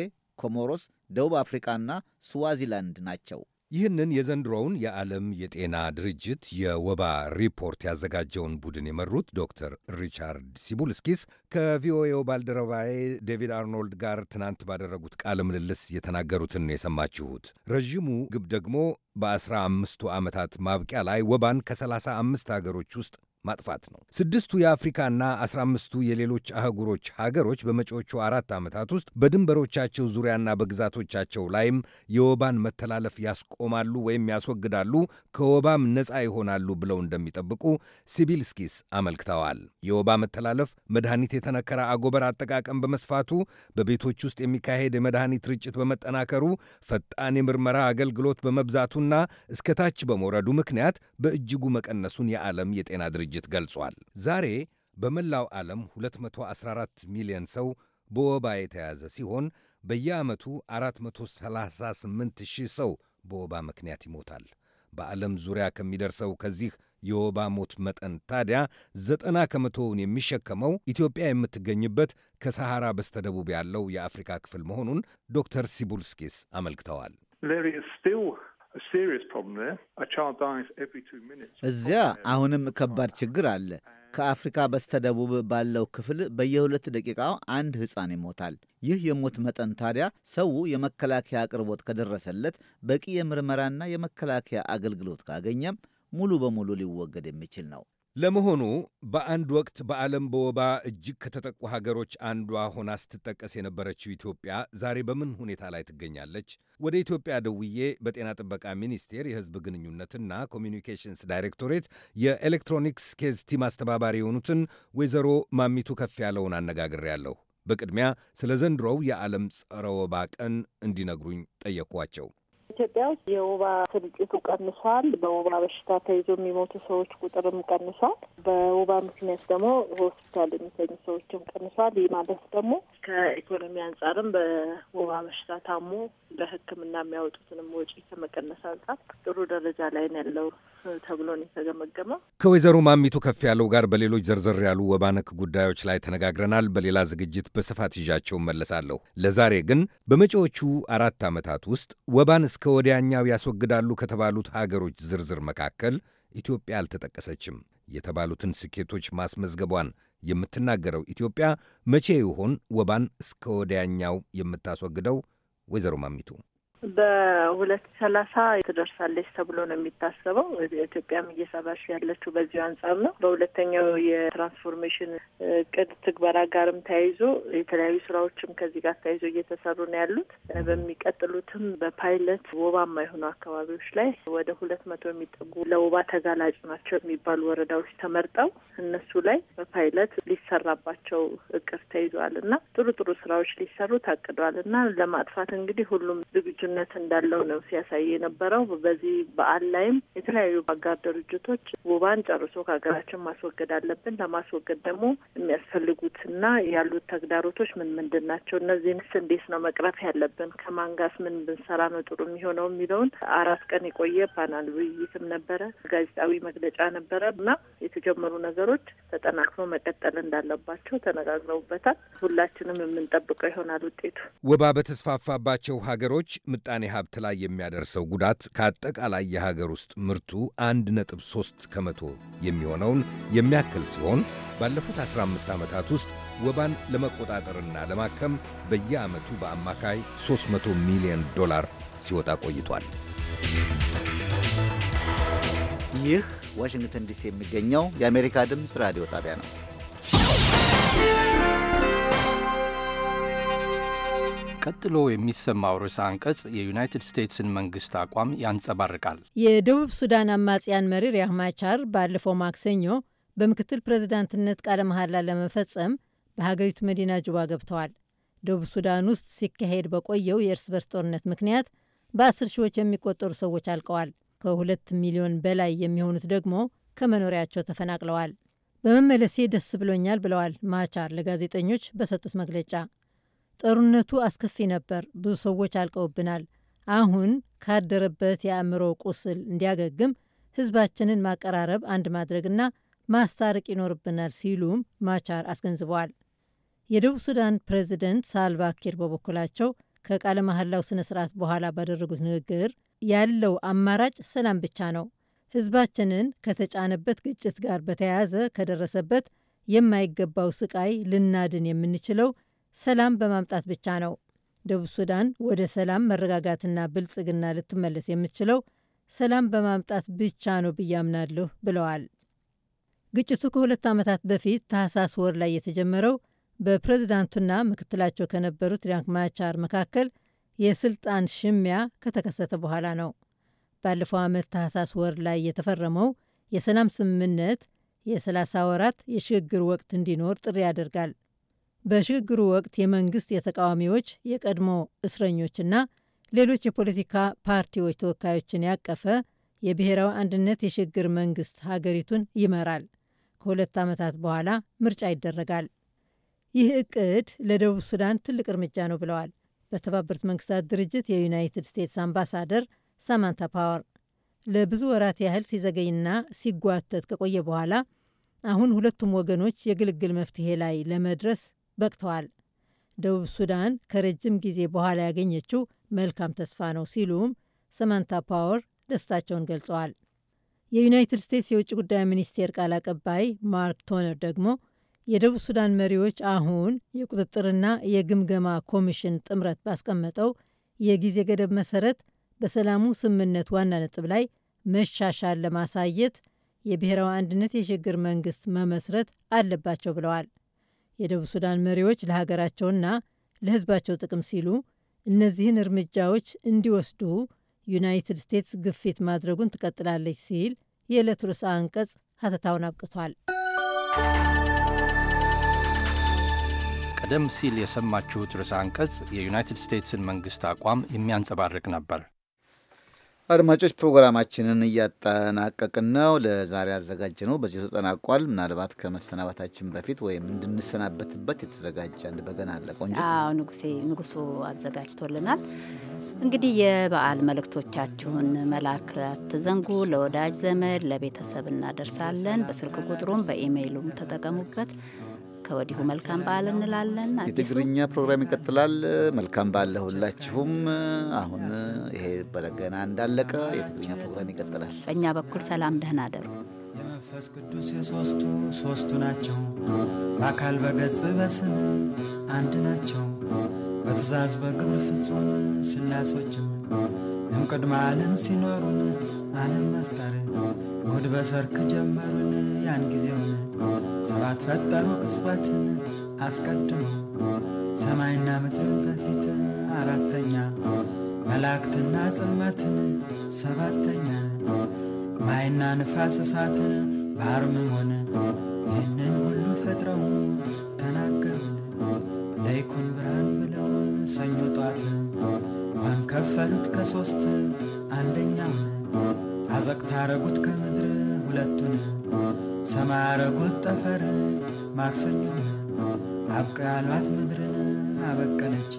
ኮሞሮስ፣ ደቡብ አፍሪካና ስዋዚላንድ ናቸው። ይህንን የዘንድሮውን የዓለም የጤና ድርጅት የወባ ሪፖርት ያዘጋጀውን ቡድን የመሩት ዶክተር ሪቻርድ ሲቡልስኪስ ከቪኦኤው ባልደረባዬ ዴቪድ አርኖልድ ጋር ትናንት ባደረጉት ቃለ ምልልስ የተናገሩትን የሰማችሁት። ረዥሙ ግብ ደግሞ በአስራ አምስቱ ዓመታት ማብቂያ ላይ ወባን ከሰላሳ አምስት አገሮች ውስጥ ማጥፋት ነው። ስድስቱ የአፍሪካና አስራ አምስቱ የሌሎች አህጉሮች ሀገሮች በመጪዎቹ አራት ዓመታት ውስጥ በድንበሮቻቸው ዙሪያና በግዛቶቻቸው ላይም የወባን መተላለፍ ያስቆማሉ ወይም ያስወግዳሉ፣ ከወባም ነፃ ይሆናሉ ብለው እንደሚጠብቁ ሲቢልስኪስ አመልክተዋል። የወባ መተላለፍ መድኃኒት የተነከረ አጎበር አጠቃቀም በመስፋቱ፣ በቤቶች ውስጥ የሚካሄድ የመድኃኒት ርጭት በመጠናከሩ፣ ፈጣን የምርመራ አገልግሎት በመብዛቱና እስከታች በመውረዱ ምክንያት በእጅጉ መቀነሱን የዓለም የጤና ድርጅት ድርጅት ገልጿል። ዛሬ በመላው ዓለም 214 ሚሊዮን ሰው በወባ የተያዘ ሲሆን በየዓመቱ 438 ሺህ ሰው በወባ ምክንያት ይሞታል። በዓለም ዙሪያ ከሚደርሰው ከዚህ የወባ ሞት መጠን ታዲያ ዘጠና ከመቶውን የሚሸከመው ኢትዮጵያ የምትገኝበት ከሰሃራ በስተደቡብ ያለው የአፍሪካ ክፍል መሆኑን ዶክተር ሲቡልስኪስ አመልክተዋል። እዚያ አሁንም ከባድ ችግር አለ። ከአፍሪካ በስተደቡብ ባለው ክፍል በየሁለት ደቂቃው አንድ ሕፃን ይሞታል። ይህ የሞት መጠን ታዲያ ሰው የመከላከያ አቅርቦት ከደረሰለት፣ በቂ የምርመራና የመከላከያ አገልግሎት ካገኘም ሙሉ በሙሉ ሊወገድ የሚችል ነው። ለመሆኑ በአንድ ወቅት በዓለም በወባ እጅግ ከተጠቁ ሀገሮች አንዷ ሆና ስትጠቀስ የነበረችው ኢትዮጵያ ዛሬ በምን ሁኔታ ላይ ትገኛለች? ወደ ኢትዮጵያ ደውዬ በጤና ጥበቃ ሚኒስቴር የሕዝብ ግንኙነትና ኮሚኒኬሽንስ ዳይሬክቶሬት የኤሌክትሮኒክስ ኬዝ ቲም አስተባባሪ የሆኑትን ወይዘሮ ማሚቱ ከፍ ያለውን አነጋግሬያለሁ። በቅድሚያ ስለ ዘንድሮው የዓለም ጸረ ወባ ቀን እንዲነግሩኝ ጠየቅኳቸው። ኢትዮጵያ ውስጥ የወባ ስርጭቱ ቀንሷል። በወባ በሽታ ተይዞ የሚሞቱ ሰዎች ቁጥርም ቀንሷል። በወባ ምክንያት ደግሞ ሆስፒታል የሚተኙ ሰዎችም ቀንሷል። ይህ ማለት ደግሞ ከኢኮኖሚ አንጻርም በወባ በሽታ ታሞ ለሕክምና የሚያወጡትንም ወጪ ከመቀነስ አንጻር ጥሩ ደረጃ ላይ ነው ያለው ተብሎ ነው የተገመገመው። ከወይዘሮ ማሚቱ ከፍ ያለው ጋር በሌሎች ዘርዘር ያሉ ወባ ነክ ጉዳዮች ላይ ተነጋግረናል። በሌላ ዝግጅት በስፋት ይዣቸው መለሳለሁ። ለዛሬ ግን በመጪዎቹ አራት ዓመታት ውስጥ ወባን እስከ ወዲያኛው ያስወግዳሉ ከተባሉት ሀገሮች ዝርዝር መካከል ኢትዮጵያ አልተጠቀሰችም። የተባሉትን ስኬቶች ማስመዝገቧን የምትናገረው ኢትዮጵያ መቼ ይሆን ወባን እስከ ወዲያኛው የምታስወግደው? ወይዘሮ ማሚቱ በሁለት ሰላሳ ትደርሳለች ተብሎ ነው የሚታሰበው። ኢትዮጵያም እየሰራች ያለችው በዚሁ አንጻር ነው። በሁለተኛው የትራንስፎርሜሽን እቅድ ትግበራ ጋርም ተያይዞ የተለያዩ ስራዎችም ከዚህ ጋር ተያይዞ እየተሰሩ ነው ያሉት። በሚቀጥሉትም በፓይለት ወባማ የሆኑ አካባቢዎች ላይ ወደ ሁለት መቶ የሚጠጉ ለወባ ተጋላጭ ናቸው የሚባሉ ወረዳዎች ተመርጠው እነሱ ላይ በፓይለት ሊሰራባቸው እቅድ ተይዟል እና ጥሩ ጥሩ ስራዎች ሊሰሩ ታቅደዋል እና ለማጥፋት እንግዲህ ሁሉም ዝግጁ ልዩነት እንዳለው ነው ሲያሳይ የነበረው። በዚህ በዓል ላይም የተለያዩ አጋር ድርጅቶች ወባን ጨርሶ ከሀገራችን ማስወገድ አለብን፣ ለማስወገድ ደግሞ የሚያስፈልጉትና ያሉት ተግዳሮቶች ምን ምንድን ናቸው፣ እነዚህንስ እንዴት ነው መቅረፍ ያለብን፣ ከማንጋስ ምን ብንሰራ ነው ጥሩ የሚሆነው የሚለውን አራት ቀን የቆየ ፓናል ውይይትም ነበረ፣ ጋዜጣዊ መግለጫ ነበረ እና የተጀመሩ ነገሮች ተጠናክሮ መቀጠል እንዳለባቸው ተነጋግረውበታል። ሁላችንም የምንጠብቀው ይሆናል ውጤቱ። ወባ በተስፋፋባቸው ሀገሮች ምጣኔ ሀብት ላይ የሚያደርሰው ጉዳት ከአጠቃላይ የሀገር ውስጥ ምርቱ 1.3 ከመቶ የሚሆነውን የሚያክል ሲሆን ባለፉት 15 ዓመታት ውስጥ ወባን ለመቆጣጠርና ለማከም በየዓመቱ በአማካይ 300 ሚሊዮን ዶላር ሲወጣ ቆይቷል። ይህ ዋሽንግተን ዲሲ የሚገኘው የአሜሪካ ድምፅ ራዲዮ ጣቢያ ነው። ቀጥሎ የሚሰማው ርዕሰ አንቀጽ የዩናይትድ ስቴትስን መንግስት አቋም ያንጸባርቃል። የደቡብ ሱዳን አማጽያን መሪ ሪያክ ማቻር ባለፈው ማክሰኞ በምክትል ፕሬዚዳንትነት ቃለ መሐላ ለመፈጸም በሀገሪቱ መዲና ጁባ ገብተዋል። ደቡብ ሱዳን ውስጥ ሲካሄድ በቆየው የእርስ በርስ ጦርነት ምክንያት በአስር ሺዎች የሚቆጠሩ ሰዎች አልቀዋል። ከሁለት ሚሊዮን በላይ የሚሆኑት ደግሞ ከመኖሪያቸው ተፈናቅለዋል። በመመለሴ ደስ ብሎኛል ብለዋል ማቻር ለጋዜጠኞች በሰጡት መግለጫ። ጦርነቱ አስከፊ ነበር፣ ብዙ ሰዎች አልቀውብናል። አሁን ካደረበት የአእምሮ ቁስል እንዲያገግም ህዝባችንን ማቀራረብ፣ አንድ ማድረግና ማስታረቅ ይኖርብናል ሲሉም ማቻር አስገንዝበዋል። የደቡብ ሱዳን ፕሬዚደንት ሳልቫኪር በበኩላቸው ከቃለ መሐላው ስነ ስርዓት በኋላ ባደረጉት ንግግር ያለው አማራጭ ሰላም ብቻ ነው፣ ህዝባችንን ከተጫነበት ግጭት ጋር በተያያዘ ከደረሰበት የማይገባው ስቃይ ልናድን የምንችለው ሰላም በማምጣት ብቻ ነው። ደቡብ ሱዳን ወደ ሰላም መረጋጋትና ብልጽግና ልትመለስ የምትችለው ሰላም በማምጣት ብቻ ነው ብዬ አምናለሁ ብለዋል። ግጭቱ ከሁለት ዓመታት በፊት ታህሳስ ወር ላይ የተጀመረው በፕሬዝዳንቱና ምክትላቸው ከነበሩት ሪያክ ማቻር መካከል የስልጣን ሽሚያ ከተከሰተ በኋላ ነው። ባለፈው ዓመት ታህሳስ ወር ላይ የተፈረመው የሰላም ስምምነት የ30 ወራት የሽግግር ወቅት እንዲኖር ጥሪ ያደርጋል። በሽግግሩ ወቅት የመንግስት የተቃዋሚዎች የቀድሞ እስረኞችና ሌሎች የፖለቲካ ፓርቲዎች ተወካዮችን ያቀፈ የብሔራዊ አንድነት የሽግግር መንግስት ሀገሪቱን ይመራል። ከሁለት ዓመታት በኋላ ምርጫ ይደረጋል። ይህ እቅድ ለደቡብ ሱዳን ትልቅ እርምጃ ነው ብለዋል በተባበሩት መንግስታት ድርጅት የዩናይትድ ስቴትስ አምባሳደር ሳማንታ ፓወር። ለብዙ ወራት ያህል ሲዘገይና ሲጓተት ከቆየ በኋላ አሁን ሁለቱም ወገኖች የግልግል መፍትሄ ላይ ለመድረስ በቅተዋል። ደቡብ ሱዳን ከረጅም ጊዜ በኋላ ያገኘችው መልካም ተስፋ ነው ሲሉም ሰማንታ ፓወር ደስታቸውን ገልጸዋል። የዩናይትድ ስቴትስ የውጭ ጉዳይ ሚኒስቴር ቃል አቀባይ ማርክ ቶነር ደግሞ የደቡብ ሱዳን መሪዎች አሁን የቁጥጥርና የግምገማ ኮሚሽን ጥምረት ባስቀመጠው የጊዜ ገደብ መሰረት በሰላሙ ስምምነት ዋና ነጥብ ላይ መሻሻል ለማሳየት የብሔራዊ አንድነት የሽግግር መንግስት መመስረት አለባቸው ብለዋል። የደቡብ ሱዳን መሪዎች ለሀገራቸውና ለሕዝባቸው ጥቅም ሲሉ እነዚህን እርምጃዎች እንዲወስዱ ዩናይትድ ስቴትስ ግፊት ማድረጉን ትቀጥላለች ሲል የዕለቱ ርዕሰ አንቀጽ ሀተታውን አብቅቷል። ቀደም ሲል የሰማችሁት ርዕሰ አንቀጽ የዩናይትድ ስቴትስን መንግስት አቋም የሚያንጸባርቅ ነበር። አድማጮች ፕሮግራማችንን እያጠናቀቅን ነው። ለዛሬ ነው በዚህ ተጠናቋል። ምናልባት ከመሰናበታችን በፊት ወይም እንድንሰናበትበት የተዘጋጀ አንድ በገና አለ። ቆንጆ ንጉሴ ንጉሱ አዘጋጅቶልናል። እንግዲህ የበዓል መልእክቶቻችሁን መላክ አትዘንጉ። ለወዳጅ ዘመድ፣ ለቤተሰብ እናደርሳለን። በስልክ ቁጥሩም በኢሜይሉም ተጠቀሙበት። ከወዲሁ መልካም በዓል እንላለን። የትግርኛ ፕሮግራም ይቀጥላል። መልካም በዓል ለሁላችሁም። አሁን ይሄ በለገና እንዳለቀ የትግርኛ ፕሮግራም ይቀጥላል። በእኛ በኩል ሰላም፣ ደህና አደሩ። መንፈስ ቅዱስ የሶስቱ ሶስቱ ናቸው። በአካል በገጽ በስም አንድ ናቸው። በትእዛዝ በግብር ፍጹም ስላሶችም እምቅድመ ዓለም ሲኖሩን ዓለም መፍጠር እሑድ በሰርክ ጀመሩን ያን ጊዜውን ሰባት ፈጠሩ ቅጽበትን አስቀድሞ ሰማይና ምድር በፊት አራተኛ መላእክትና ጽልመትን ሰባተኛ ማይና ንፋስ እሳትን በአርምሞን ይህንን ሁሉ ፈጥረው ተናገሩን ለይኩን ብርሃን ብለው ሰኞ ጧት ዋን ከፈሉት ከሶስት አንደኛውን አዘቅታ አረጉት ከምድር ሁለቱን ሰማረጉት ጠፈር ማክሰኞ አብቅያሏት ምድር አበቀለች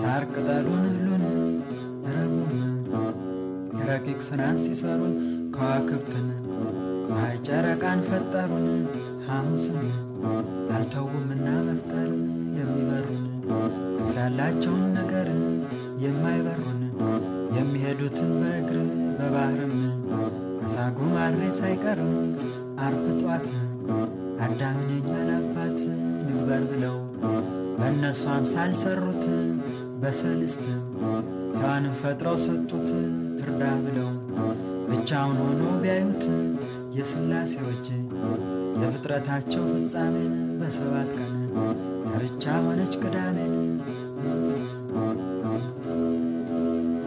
ሳር ቅጠሉን እህሉን ረቡን ረቂቅ ስናን ሲሰሩን ከዋክብትን ፀሐይ ጨረቃን ፈጠሩን ሐሙስን አልተውምና መፍጠር የሚበሩን ያላቸውን ነገር የማይበሩን የሚሄዱትን በእግር በባህርም አሳጉማሬ ሳይቀርም አርብ ጧት አዳምን የእኛን አባት ንግበር ብለው በእነሱ አምሳል ሰሩት በሰልስት ሔዋንን ፈጥረው ሰጡት ትርዳ ብለው ብቻውን ሆኖ ቢያዩት የሥላሴዎች የፍጥረታቸው ፍጻሜን በሰባት ቀን ዳርቻ ሆነች ቅዳሜን